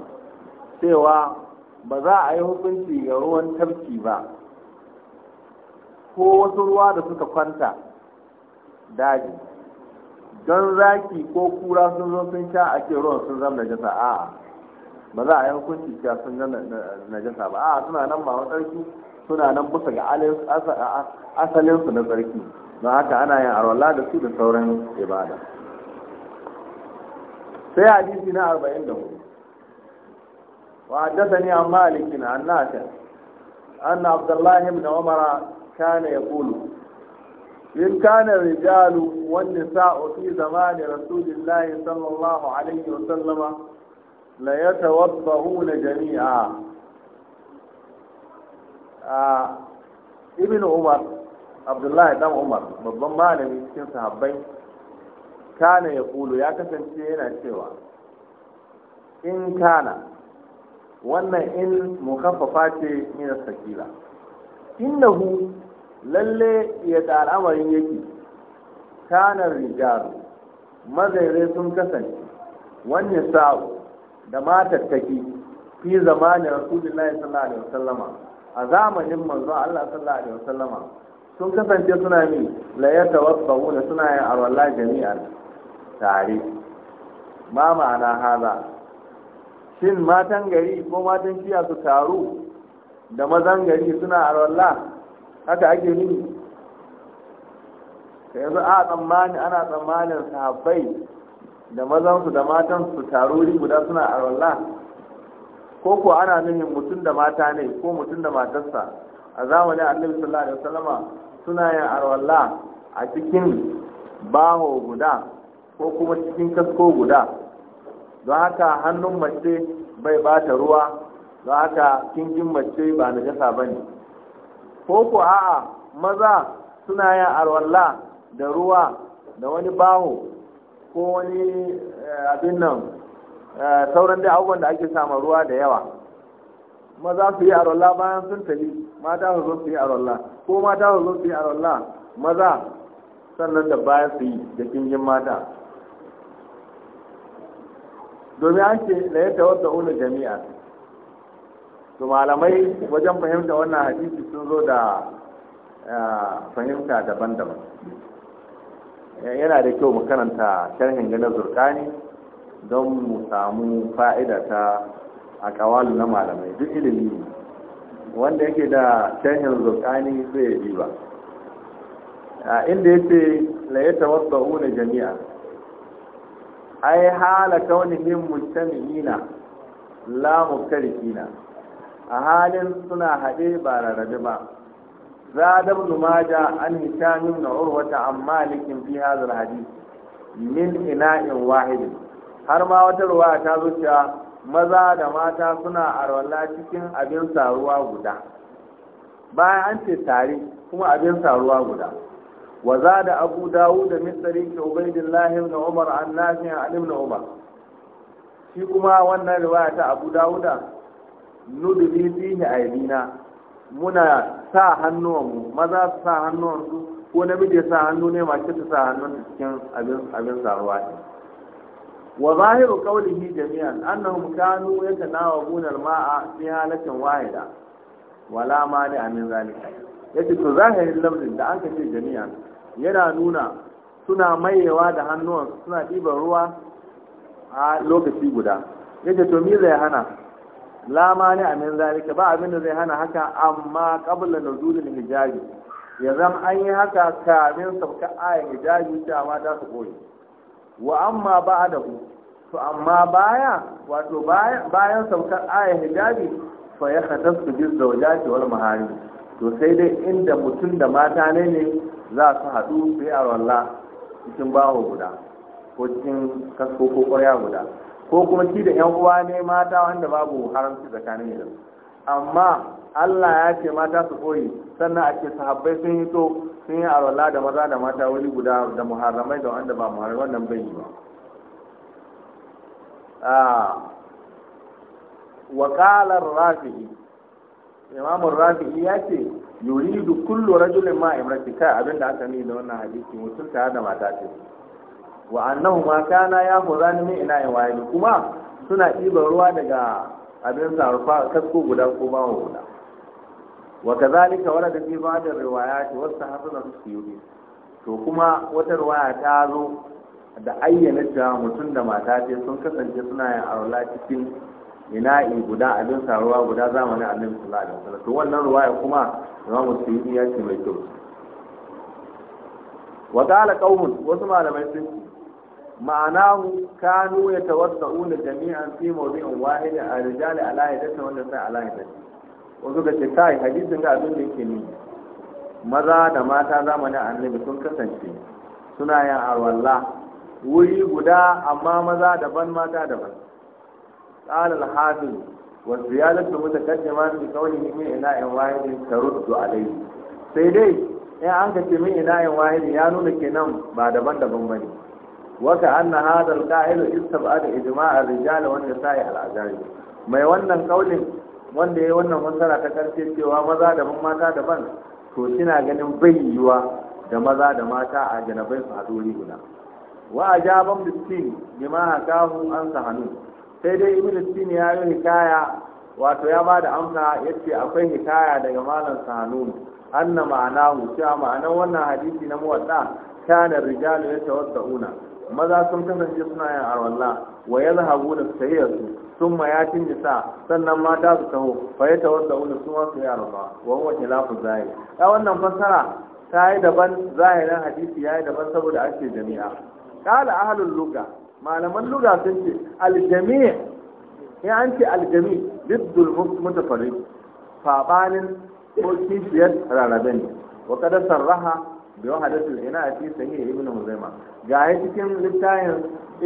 cewa ba za a yi hukunci ga ruwan tafki ba ko wasu ruwa da suka kwanta daji don zaki ko kura sun zo sun sha a ce ruwan sun zama najasa a'a ba za a yi hukunci cewa sun zama najasa ba a'a suna nan ba tsarki suna nan bisa ga asalinsu na tsarki don haka ana yin arwala da su da sauran ibada sai hadisi na arba'in da hudu Wa وحدثني عن مالك عن an na Abdullahi na umara kana ya kulu in kana rijalu wanda sa'u fi zamani rasulillahi sallallahu alaihi wa sallama la yatawaddahu na jami'a ibn umar abdullahi dan umar babban malami cikin sahabbai kana ya kulu ya kasance yana cewa in kana wannan in mukaffafa ce min sakila innahu lalle da al'amarin yake kanar rijaru mazairai sun kasance wani sa'u da matattaki fi zamanin rasulullahi sallallahu alaihi wasallama a zamanin manzo Allah sallallahu alaihi wasallama sun kasance suna mi la da suna yin arwalla jami'an tare ma ma'ana haza shin matan gari ko matan shiya su taru da mazan gari suna arwalla haka ake nuni ka yanzu a tsammani ana tsammanin sahabbai da mazansu da matan su taruri guda suna a rola ko ko ana nuhin mutum da mata ne ko mutum da matarsa a zamanin annabi sallallahu alaihi wasallama suna yin arwalla a cikin baho guda ko kuma cikin kasko guda don haka hannun mace bai bata ruwa don haka kingin mace ba najasa bane ko ku a'a maza suna yin arwalla da ruwa da wani baho ko wani eh, abin nan eh, sauran da abubuwan da ake sama ruwa da yawa maza su yi arwalla bayan sun tafi mata su zo su yi arwalla ko mata su zo su yi arwalla maza sannan da bayan su yi da kingin mata domin an ce da yadda wadda una jami'a to malamai wajen fahimta wannan hadisi sun zo da eh, fahimta daban-daban eh, yana da kyau mu karanta sharhin ganin zurkani don mu samu fa'ida ta a kawalu na malamai duk ilimi wanda yake da sharhin zurkani zai yi ba, inda ya ce layata wasu na jami'a ai hala kaunihim mujtami'ina la muftarikina a halin suna haɗe ba rarrabe ba zada ibn maja an hisham ibn urwata an malikin fi hadhal hadith min ina'in wahidin har ma wata ruwa ta zuciya, maza da mata suna arwala cikin abin saruwa guda bayan an ce tare kuma abin saruwa guda wa zada abu dawud da misri ke ubaidillah ibn umar an nafi ibn umar shi kuma wannan riwaya ta abu dawuda nudbi fihi aydina muna sa hannuwanmu maza su sa hannuwansu ko namiji ya sa hannu ne mace ta sa hannun cikin abin abin saruwa ne wa zahiru qawlihi jami'an annahum kanu yatanawabuna al-ma'a fi halatin wahida wala ma da amin zalika yace to zahirin lafzin da aka ce jami'an yana nuna suna mayewa da hannuwansu suna ɗiban ruwa a lokaci guda yace to me zai hana la mani min zalika ba abin da zai hana haka amma qabla nuzulil hijabi ya zama an yi haka kamin sabka ayin hijabi ta mata su koyi wa amma ba ku to amma baya wato bayan saukar ayin hijabi fa ya khatasu bi zawjati wal mahari to sai dai inda mutum da mata ne ne za su haɗu su yi a cikin bawo guda ko cikin kasko ko ƙwarya guda ko kuma shi da yan uwa ne mata wanda babu haramci tsakanin da amma Allah ya ce mata su koyi sannan a ce sahabbai sun yi to sun yi alwala da maza da mata wani guda da muharramai da wanda ba muharramai wannan bai yi ba ah, wa qala rafi'i imam rafi'i ya ce yuridu kullu rajulin ma imrati kai abinda aka ni da wannan hadisi mutum tare da mata ce wa annahu ma kana ya hurani min ina wahidi kuma suna ɗiban ruwa daga abin zarfa kasko guda ko bawo guda wa kazalika warada fi ba'd riwayat wa sahaba suyuti to kuma wata riwaya ta zo da ayyana cewa mutum da mata ce sun kasance suna yin aula cikin ina'i guda abin saruwa guda zamanin annabi sallallahu alaihi wasallam to wannan ruwaya kuma musu yi ya ce mai kyau wa qala qaumun wasu malamai sun ce. ma'anahu kanu ya tawadda'una jami'an fi mawdi'in wahidin a rijali ala yadatin wanda sai ala yadatin wasu ga ce kai hadisin ga abin da yake ni maza da mata zamanin annabi sun kasance suna yin arwalla wuri guda amma maza daban mata daban قال الحافظ والزيادة متقدمة في قوله من إناء واحد ترد عليه sai dai in an ka ce min ina'in wahidi ya nuna kenan ba daban-daban ba ne وكأن هذا القائل استبعد إجماع الرجال والنساء al ذلك mai wannan kaulin wanda ya wannan fassara ta karshe cewa maza da mata daban to kina ganin bai yiwa da maza da mata a janabai su haɗu wuri guda wa ajaban biskin bima hakahu an hannu, sai dai ibnu biskin ya yi hikaya wato ya bada amsa yace akwai hikaya daga malam sahanu anna ma'anahu cewa ma'anar wannan hadisi na muwadda kana rijalu yatawadda'una maza sun kasance suna yin arwalla wa ya zahabu da su su sun mayatin nisa sannan mata su taho fa ta wanda da wani su masu yi arwa wani wani lafi zahiri wannan fassara ta yi daban zahirin hadisi ya yi daban saboda ake jami'a kala ahalul luga malaman luga sun ce aljami ya an ce aljami diddul mutafarin fabanin ko kishiyar rarrabe ne wa kada sarraha bi wa hadathu ina fi sahih ibn huzaima ga ya cikin littafin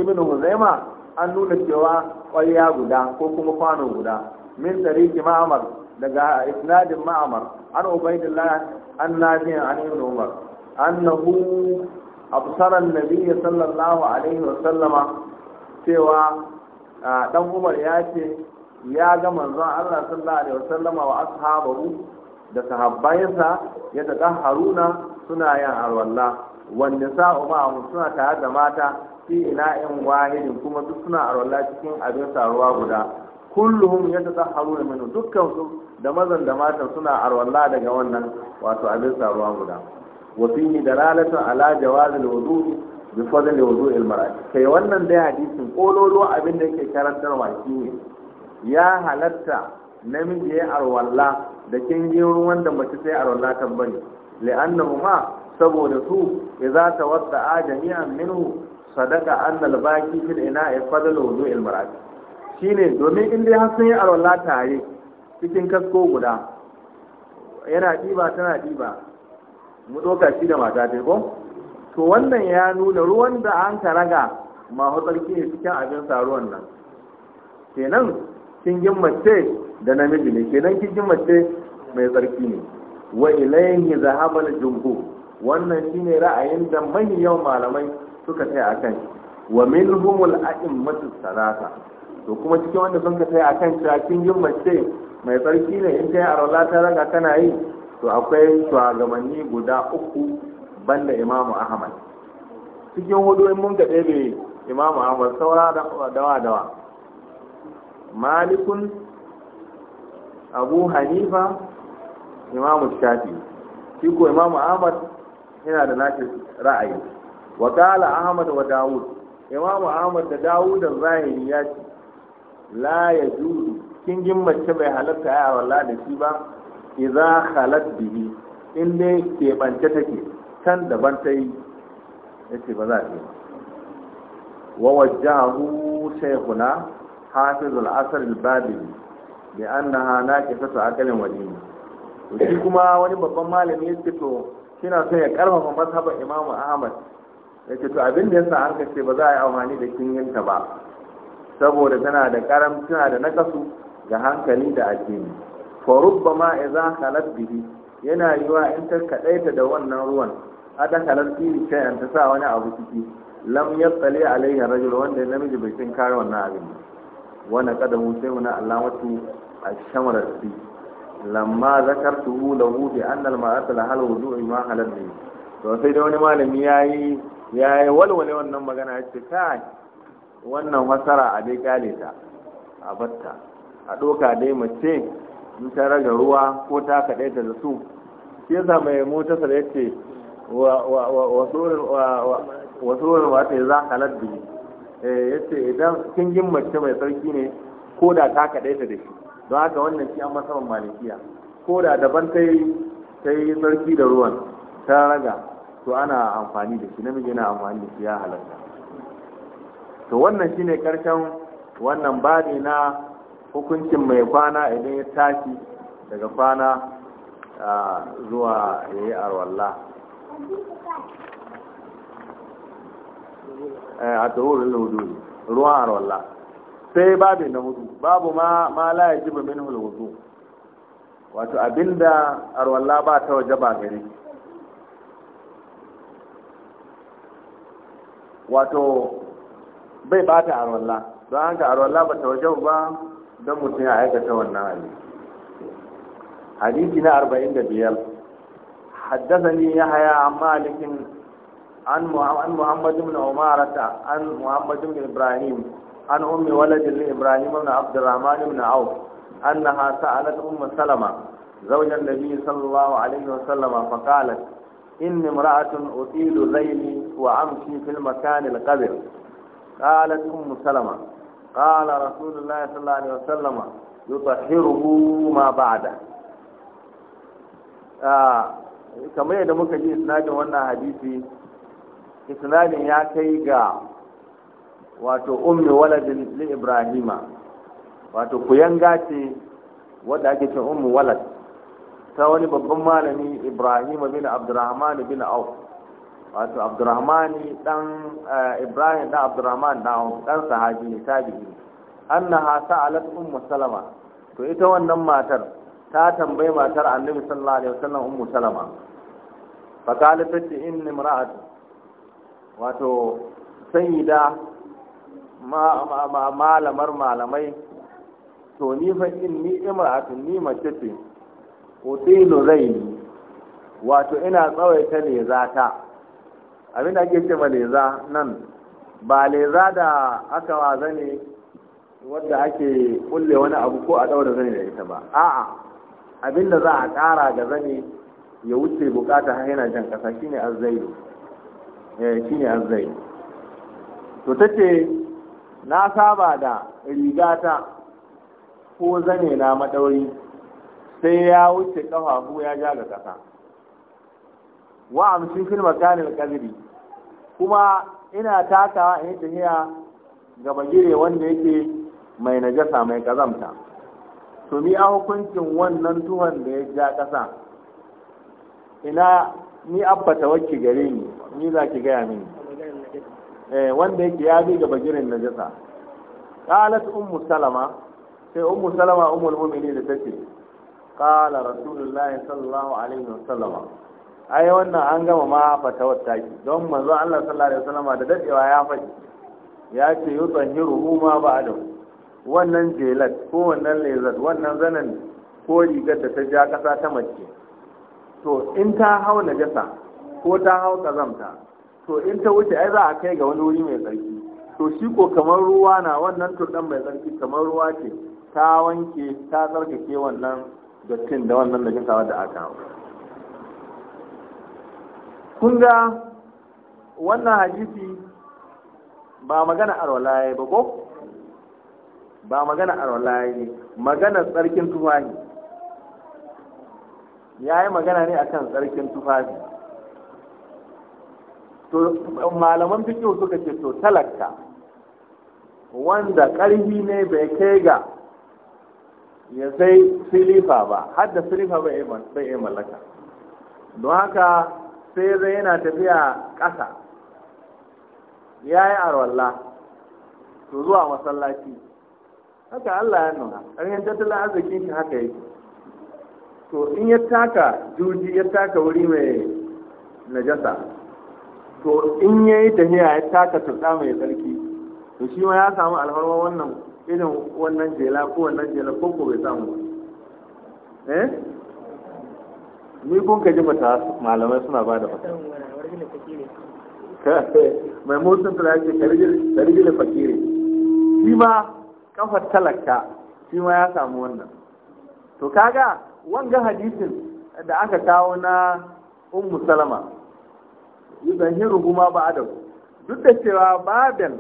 ibn huzaima an nuna cewa ƙwarya guda ko kuma kwano guda min tariki ma'amar daga isnadin ma'amar an ubaidillah an nafi an ibn umar annahu absara annabi sallallahu alaihi wa sallama cewa ah, dan umar ya ce ya ga manzon Allah sallallahu alaihi wa sallama wa ashabahu da sahabbayinsa ya da haruna suna yin arwalla wanda sa'o ma'ahu suna tare da mata fi ina'in wahidin kuma duk suna arwalla cikin abin saruwa guda Kullum, ya da haruna minu dukkan su da mazan da matan suna arwalla daga wannan wato abin saruwa guda wa da dalalatu ala jawazin wudu'i bi fadli wudu'il mar'ati kai wannan dai hadisin kololo abin da yake karantarwa shine ya halatta namiji ya arwalla da kin yi ruwan da mace sai a kan bane ma saboda su idza tawadda'a jami'an minhu sadaka anna al-baqi fil ina'i fadlu wudu'il mar'ati shine domin in dai har sun yi arwala tare cikin kasko guda yana diba tana diba mu doka shi da mata dai ko to wannan ya nuna ruwan da an karaga ma tsarki ne cikin abin saruwan nan kenan kin mace da namiji ne kenan kingin mace mai tsarki ne wa ilayhi zahabal jumhur wannan shine ra'ayin da manyan malamai suka tsaya akan wa minhumul a'immatu salata to kuma cikin wanda sun ka tsaya akan shi cikin mai tsarki ne in kai arwala ta raga kana yi to akwai shugabanni guda uku banda imamu ahmad cikin hudu in mun ka ɗebe imamu ahmad saura dawa dawa malikun abu hanifa imamu shafi shi ko imamu ahmad yana da nashi ra'ayi wa qala ahmad wa daud imamu ahmad da daud zahiri ya ce la ya kin kingin mace bai halatta ya walla da shi ba idza khalat bihi in ne ke bance take can daban ta yi yace ba za a yi wa wajjahu shaykhuna hafiz al-asr al-babili bi annaha naqisatu aqlin wa dini shi kuma wani babban malami ya ce to shina so ya karfafa mazhaban imamu ahmad ya ce to abin da yasa an kace ba za a yi amfani da kinyinta ba saboda tana da karam tana da nakasu ga hankali da addini fa rubbama idza khalat bihi yana yiwa in ta kadaita da wannan ruwan adakalar fili shay'an ta sa wani abu ciki lam yatsali alaiha rajul wanda namiji bai kin kare wannan abin wannan kadamu sai mun alamatu a shamarar fili lamma zakartuhu lahu bi anna al-ma'ata la hal wudu'i ma halal ne to sai da wani malami yayi yayi walwale wannan magana yace kai wannan fasara a dai kale ta a batta a doka dai mace in ta raga ruwa ko ta kaɗai ta da su shi mai mota sa yace wa wa wa wa wa za halal bi yace idan kin mace mai sarki ne ko da ta kaɗaita ta da shi don haka wannan shi an masaban malikiya ko da daban ta yi ta yi sarki da ruwan ta raga to ana amfani da shi namiji na amfani da shi ya halatta to wannan shi ne karshen wannan babi na hukuncin mai kwana idan ya tashi daga kwana zuwa ya yi arwalla a tsohon ruwan arwallah sai babu na hudu babu ma ma la yajibu minhu alwudu wato abinda arwalla ba ta waje ba gare wato bai bata arwalla don haka arwalla ba ta waje ba don mutum ya aikata wannan hali hadisi na arba'in da biyar حدثني يحيى عن مالك عن محمد بن عمارة عن محمد an ummi waladin li ibrahim ibn abdurrahman ibn auf annaha sa'alat umm salama زوج النبي wa الله عليه وسلم فقالت إني امرأة أطيل ليلي وأمشي في المكان القذر قالت أم سلمة قال رسول الله صلى الله عليه وسلم يطهره ما بعده kamar yadda muka ji isnadin wannan hadisi isnadin ya kai ga wato ummi waladin li ibrahima wato yanga ce wadda ake ce ummu walad ta wani babban malami ibrahima bin abdurrahman bin auf wato abdurrahman dan eh, ibrahim dan abdurrahman dan auf dan sahabi ne tabi'i annaha sa'alat ummu salama to ita wannan matar ta tambayi matar annabi sallallahu alaihi wasallam ummu salama fa qalat inni imra'atu wato sayyida malamar malamai to ni fa in ni imra'atun ni mace ce utilu zaini wato ina tsawaita leza ta abin da ake ce leza nan ba leza da aka wa zane wadda ake kulle wani abu ko a daura zane da ita ba a'a abin da za a kara ga zane ya wuce bukata har yana jan kasa shine azzai eh shine azzai to tace na saba da rigata ko zane na maɗauri sai ya wuce ƙafafu ya ja ga ƙasa wa amshin fil makanil kadiri kuma ina takawa in tahiya ga bagire wanda yake mai najasa mai kazamta to mi a hukuncin wannan tuhon da ya ja ƙasa ina ni abba tawakki gare ni ni za ki gaya mini Eh, wanda yake ya bi ga bagirin najasa qalat ummu salama sai ummu salama ummul mu'minin da tace qala rasulullahi sallallahu alaihi wasallam ai wannan an gama ma fatawar ki don manzo Allah sallallahu alaihi wasallam da dadewa ya faɗi ya ce yutahhiru ma ba'da wannan jelat ko wannan lezat wannan zanan ko rigar da ta ja kasa ta mace to in ta hau najasa ko ta hau kazamta to in ta wuce ai za a kai ga wani wuri mai tsarki to shi ko kamar ruwa na wannan turɗan mai tsarki kamar ruwa ce ta wanke ta tsarkake wannan dattin da wannan da kawar da aka hau kun ga wannan hadisi ba magana arwalaye ba ko ba magana arwalaye ne magana tsarkin tufafi ya yi magana ne akan tsarkin tufafi to malaman fiqh suka ce to talaka wanda ƙarfi ne bai kai ga ya sai silifa ba har da silifa bai yi mallaka don haka sai zai yana tafiya ƙasa ya yi arwalla to zuwa masallaci haka Allah ya nuna ƙarfin tattalin arzikin shi haka yake to in ya taka juji ya taka wuri mai najasa to in ya yi tafiya ya taka turɗa mai tsarki to shi ma ya samu alfarma wannan irin wannan jela ko wannan jela ko ko bai samu ba eh ni kun ka ji mata malamai suna ba da fata [laughs] mai motsin tura ce karbi da fakiri shi ma kafar talaka shi ma ya samu wannan to kaga wanga hadisin da aka kawo na ummu salama yuzahiru huma ba duk da cewa babel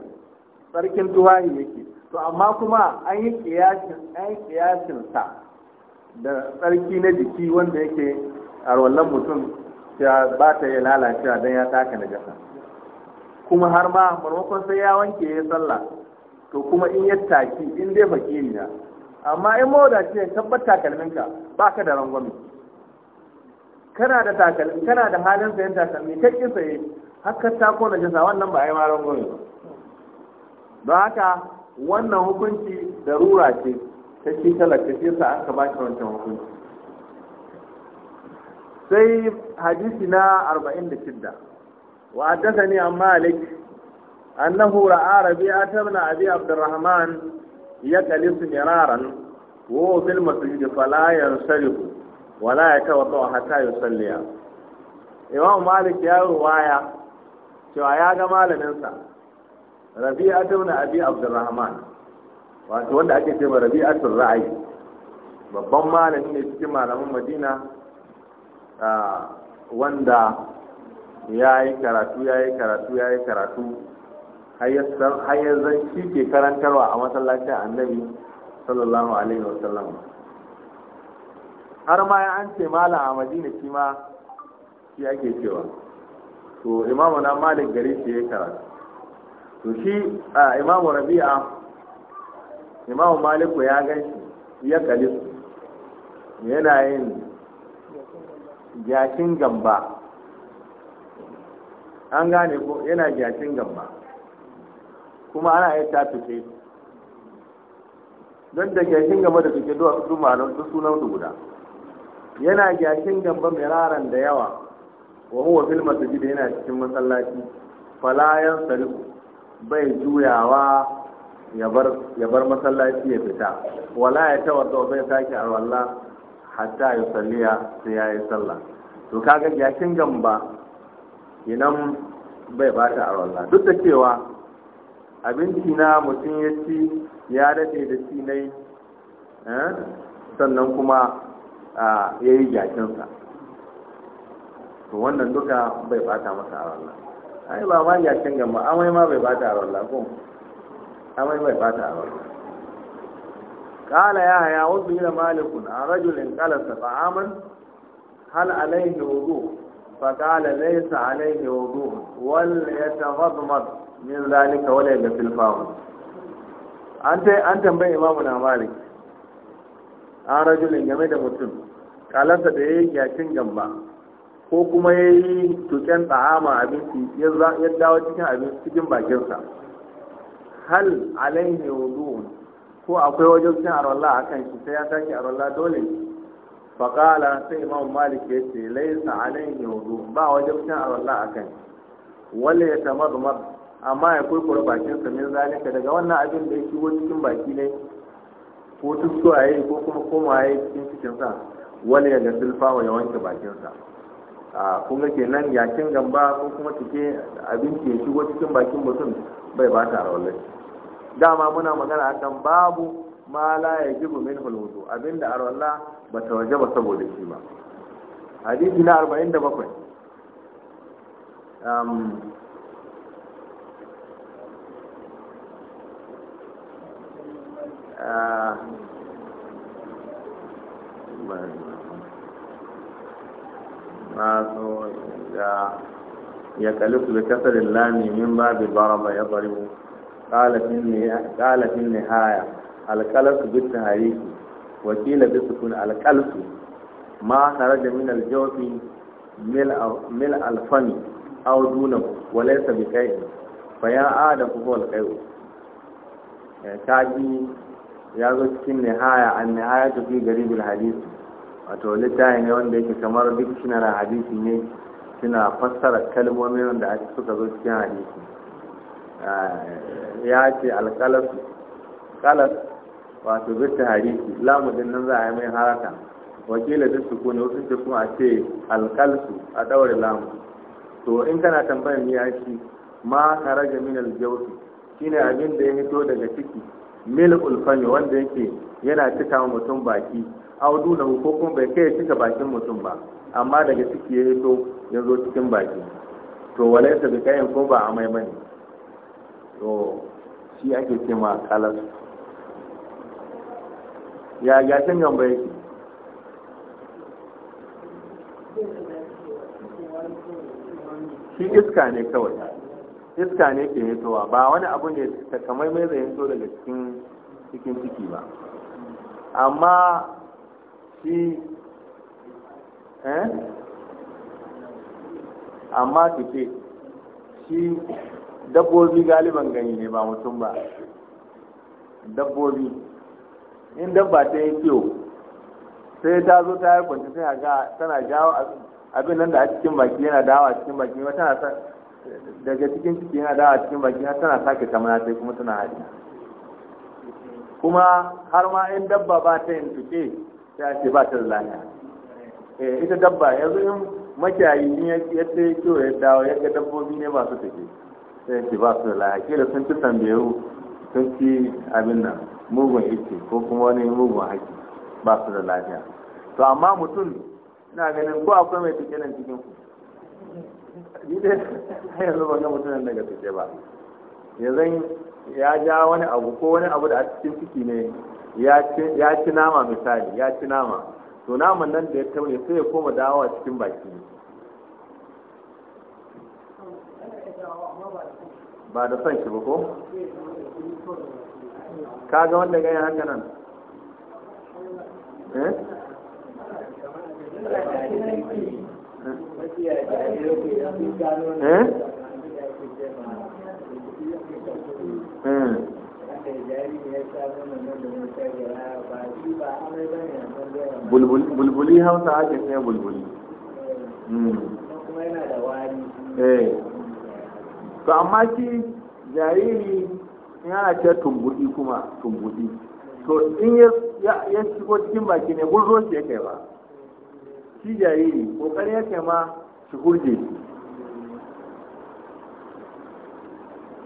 sarkin tuwahi yake to amma kuma an yi kiyasin sa da sarki na jiki wanda yake a wallan mutum ya ba ta ya lalacewa dan ya taka na jasa kuma har ma marmakon sai ya wanke ya sallah to kuma in ya taki in dai fakiriya na amma in mawada ce tabbata kalminka baka da rangwami kana da takalmi kana da halin sayan takalmi kai ki saye haka ta kona najasa wannan ba ai maran gobe ba don haka wannan hukunci rura ce ta shi talaka shi sa aka ba shi wancan hukunci sai hadisi na 46 wa ne an malik annahu ra'a rabi'a ibn abi abdurrahman yaqlisu miraran wa fil masjid fala yansarifu wala ya tawadda hatta salliya imam malik ya ruwaya cewa ya ga malaminsa rabi'a ibn abi abdurrahman wato wanda ake cewa rabi'atul ra'ayi babban malami ne cikin malaman madina wanda ya yi karatu ya yi karatu ya yi karatu har yanzu shi ke karantarwa a masallacin annabi sallallahu alaihi wasallam har ma ya an ce malam a madina shi ma shi ake cewa to imamu na malik gari shi ya kara to shi a imamu rabi'a imamu maliku ya gan shi ya kalisu yana yin jakin gamba an gane ko yana jakin gamba kuma ana yi fice don da jakin gamba da suke duwa su malam su sunan su guda yana gyakin gaba miraran da yawa wa huwa fil masjid yana cikin masallaci fala sariku bai juyawa ya bar masallaci ya fita wala ya ta tawadda bai sake al-walla, hatta ya salliya sai ya yi sallah to kaga gyakin gamba inan bai bata al-walla. duk da cewa abinci na mutum ya ci ya dace da shi nai eh, sannan kuma a ya yi jakinsa to wannan duka bai bata masa a rallar ai ba ma jakin gama amai ma bai bata a rallar ko amai bai bata a rallar kala ya haya wasu yi da malikun a rajulin kalasta ba aman hal alaihi wuzu fa kala laisa sa alaihi wuzu wani ya ta mazmar min zalika wani ya ga filfawun an tambayi imamu na malik a rajulin game da mutum kalansa da ya yi yakin gamba ko kuma ya yi tuken tsahama abinci ya dawo cikin abinci cikin bakinsa hal alaihi wudu'un ko akwai wajen cin arwalla a kan shi ya sake arwalla dole faƙala sai imam malik ya ce laisa alaihi wudu'un ba wajen cin arwalla a kan wale ya tamar amma ya kurkure bakinsa min zalika daga wannan abin da ya shigo cikin baki ne ko tuskowa a yi ko kuma koma ya yi cikin cikinsa wani ya ga sulfa wa ya wanke bakinsa a kuma ke kenan yakin gamba ko kuma cike abinci ya shigo cikin bakin mutum bai ba ta rawar dama muna magana a kan babu ma la ya jibu min hulwudu abinda arwalla ba ta waje ba saboda shi ba hadisi na 47 masu ya ya kalifu da kasarin lami min babu baraba ya bari baribu ƙalafin nihaya alƙalasu bitta hariki wakila kuna alƙalasu ma tare da min aljofi mil alfani au duna sa bi kai fa ya ada kuhu alƙai'u ka ji ya zo cikin nihaya an nihaya ta fi bil hadisi wato littafi ne wanda yake kamar duk na hadisi ne suna fassara kalmomin wanda suka zo cikin hadisi eh, ya ce alkalas kalas wato bitta hadisi lamudin nan za a yi mai haraka wakila duk su kone wasu ce kuma a ce alkalsu a ɗaure lamu to in kana tambayar ya shi ma karaja min Shi shine abin da ya fito daga ciki mil ulfani wanda yake yana cika mutum baki audu na ko kuma bai kai cika bakin mutum ba amma daga ciki ya hito ya zo cikin baki to walaisa bi kayan ko ba amai bane to shi ake ce ma kalas ya ya san yan bai shi iska ne kawai iska ne ke hitowa ba wani abu ne kamar mai zai hito daga cikin ciki ba amma shi eh amma tuke shi dabbobi galiban gani ne ba mutum ba dabbobi in dabba ta yi kiyo sai ta zo ta yi kwanci sai ga tana jawo abin nan da a cikin baki yana dawa cikin baki ba tana daga cikin ciki yana dawa cikin baki har tana sake kamar sai kuma tana haɗi kuma har ma in dabba ba ta yin tuke ta ce ba ta da lafiya eh, ita dabba yanzu in makiyayi ne ya ce kyau ya dawo ya ga dabbobi ne ba su tuke sai ce ba su da lafiya da sun ci tambayu sun ci abin nan mugun ice ko kuma wani mugun haki ba su da lafiya to amma mutum ina ganin ko akwai mai tuke nan cikin ku dai yanzu ga mutumin daga suke ba yanzu ya ja wani abu ko wani abu da a cikin ciki ne ya ci nama misali ya ci nama to naman nan da ya taune sai ya koma dawowa cikin baki ba da son shi ba ko ka ga wanda gani haka nan eh Eh? Hmm. bulbuli hausa ake sai bulbuli hmm. eh. to amma shi jariri yana ce tumbuɗi kuma tumbuɗi to in ya shigo cikin baki ne gurzo shi ya kai ba shi jariri kokari ya kai ma su hurge su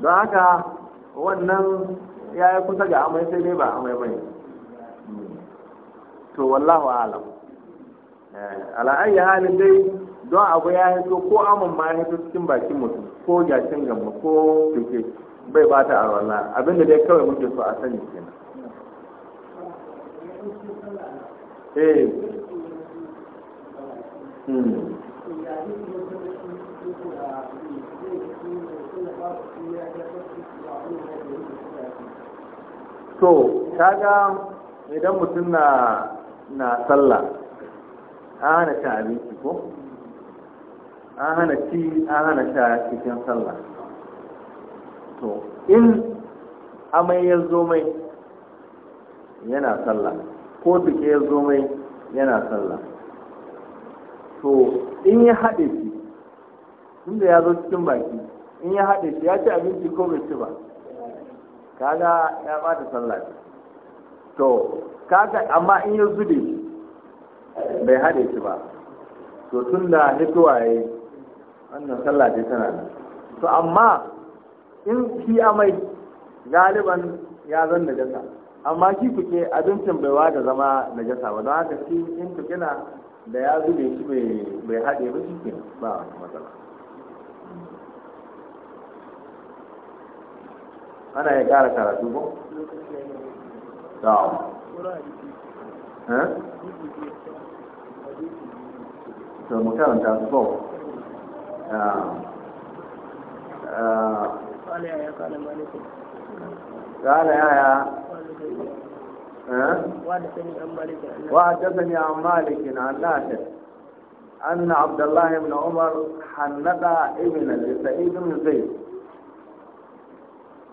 don haka wannan ya yi kusa ga amai sai dai ba amai bane to wallahu alam eh, ala'ayi halin dai don abu ya yi hito ko amon ma ya yi cikin bakin mutum ko gashin gamba ko keke bai ba ta arwala abinda dai kawai muke so a sani kenan eh hmm to kaga idan mutum na na sallah an hana ta abinci ko an hana ci an hana sha cikin sallah to in amai ya zo mai yana sallah ko tuke ya zo mai yana sallah to in ya haɗe tunda ya zo cikin baki in ya haɗe shi ya ci abinci ko bai ci ba kaga ya bata sallah to kaga amma in ya zube bai haɗe shi ba to tunda hituwa ya yi wannan sallah ce tana nan to amma in shi amai galiban ya zan jasa amma shi kuke abincin bai wada zama na jasa ba don haka shi in kuke na da ya zube shi bai haɗe ba shi ke ba matsala ana ya ƙara karatu ko? ta'am to mu karanta su ko قال يا يا وحدثني عن مالك عن نافع أن عبد الله بن عمر حنق ابنا لسعيد بن زيد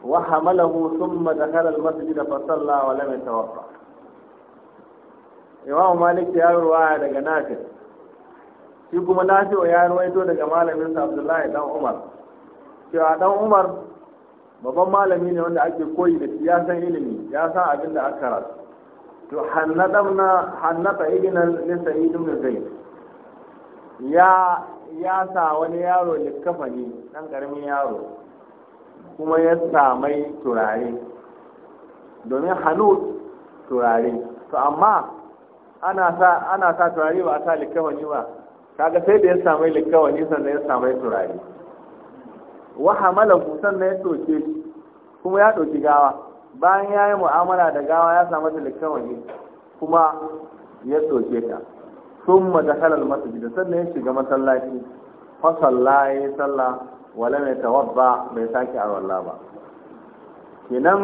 وحمله ثم دخل المسجد فصلى ولم يتوضا Imam Malik ya ruwaya daga Nafi shi kuma Nafi ya ruwaito daga malamin sa Abdullahi dan Umar cewa dan Umar babban malami ne wanda ake koyi da ya san ilimi ya san abin da aka karatu to hannadamna hannata ibnan li ibn zayd ya ya sa wani yaro likkafani dan karamin yaro kuma ya samai turare domin hannu turare to amma ana sa turare ba a sa likawani ba kaga sai da ya samai likawani sannan ya samai turare wa hamalahu sannan ya doke kuma ya ɗauki gawa bayan ya yi mu'amala da gawa ya samu ta likawani kuma ya doke ta sun masu gida sannan ya shiga masallaci fasalla ya yi sallah wala mai tawabba bai sake arwalla ba kenan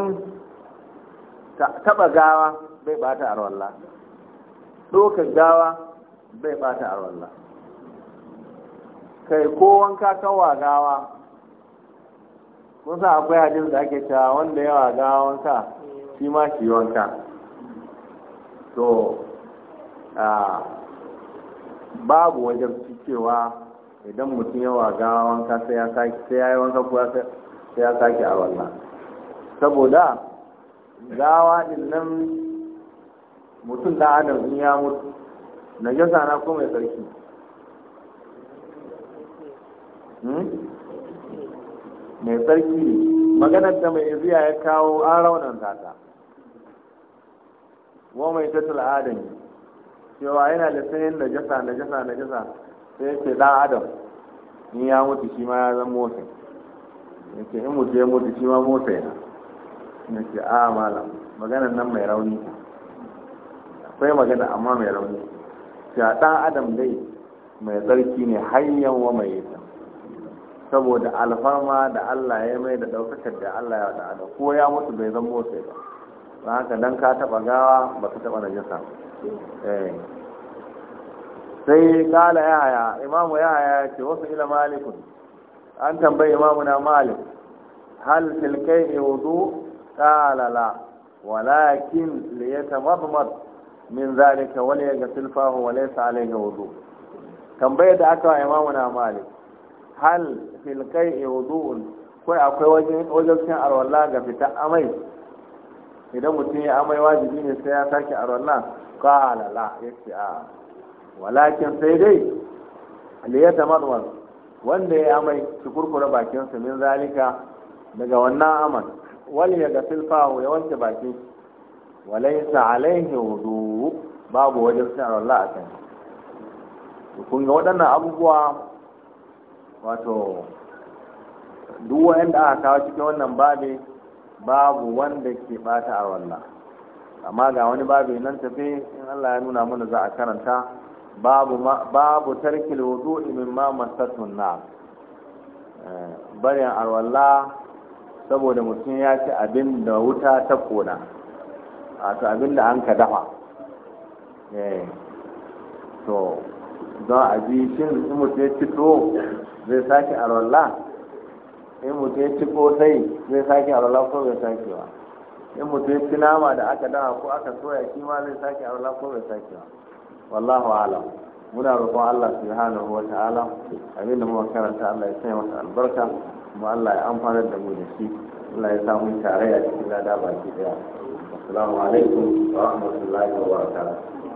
taba gawa bai bata arwalla ɗaukar gawa bai bata arwalla kai ko wanka kawa gawa Kusa akwai hadin da ake cewa wanda yawa gawa wanka shi ma shi wanka to babu wajen cikewa. idan mutum ya waga wanka sai ya ya yi wanka kuwa sai ya sake a walla saboda gawa din nan mutum da adam in ya mutu na jasa na ko mai tsarki hmm? mai tsarki maganar da mai iziya ya kawo an raunan tata wa mai tattal adam cewa yana da sanin najasa najasa najasa sai ce dan adam in ya mutu shi ma ya zan motsa ya ce in mutu ya mutu shi ma mota ya na ce a malam maganan nan mai rauni akwai magana amma mai rauni a dan adam dai mai tsarki ne hanyar wa mai yi saboda alfarma da Allah ya mai da daukakar da Allah ya da ko ya mutu bai zan motsa ba haka dan ka taba gawa ba ka taba najasa eh sai kala yahaya imamu yahaya ya ce wasu ila malikun an tambayi imamu na malik hal tilkai wudu kala la walakin li yatamadmad min zalika wal yaghsil fahu wa laysa ga wudu tambayar da aka wa imamu na malik hal tilkai wudu kai akwai wajen wajen cin arwalla ga fita amai idan mutum ya amai wajibi ne sai ya sake arwallah kala la ce a walakin sai dai aliyata matwal wanda ya amai shi kurkura bakinsa min zalika daga wannan aman wani ya ga silfahu ya wanke bakin shi walaisa alaihi wudu babu wajen sai Allah a kan kun ga waɗannan abubuwa wato duk wanda aka kawo cikin wannan babi babu wanda ke bata a wallah amma ga wani babi nan tafi in Allah ya nuna mana za a karanta babu babu tarkil wudu'i mimma masatun na eh, barin arwalla saboda mutum ya ci abin da wuta ta kona wato abin da an ka dafa eh, to don a shin in mutum ya ci to zai sake arwalla in mutum ya ci sai zai sake arwalla ko bai sake wa? in mutum ya ci nama da aka dafa ko aka soya shi ma zai sake arwalla ko bai sake wa? wallahu alam muna roƙon Allah subhanahu wa ta'ala abinda muka karanta Allah ya sanya masa albarka kuma Allah ya amfanar da mu da shi Allah ya samu tare a cikin lada baki daya assalamu alaikum wa rahmatullahi wa barakatuh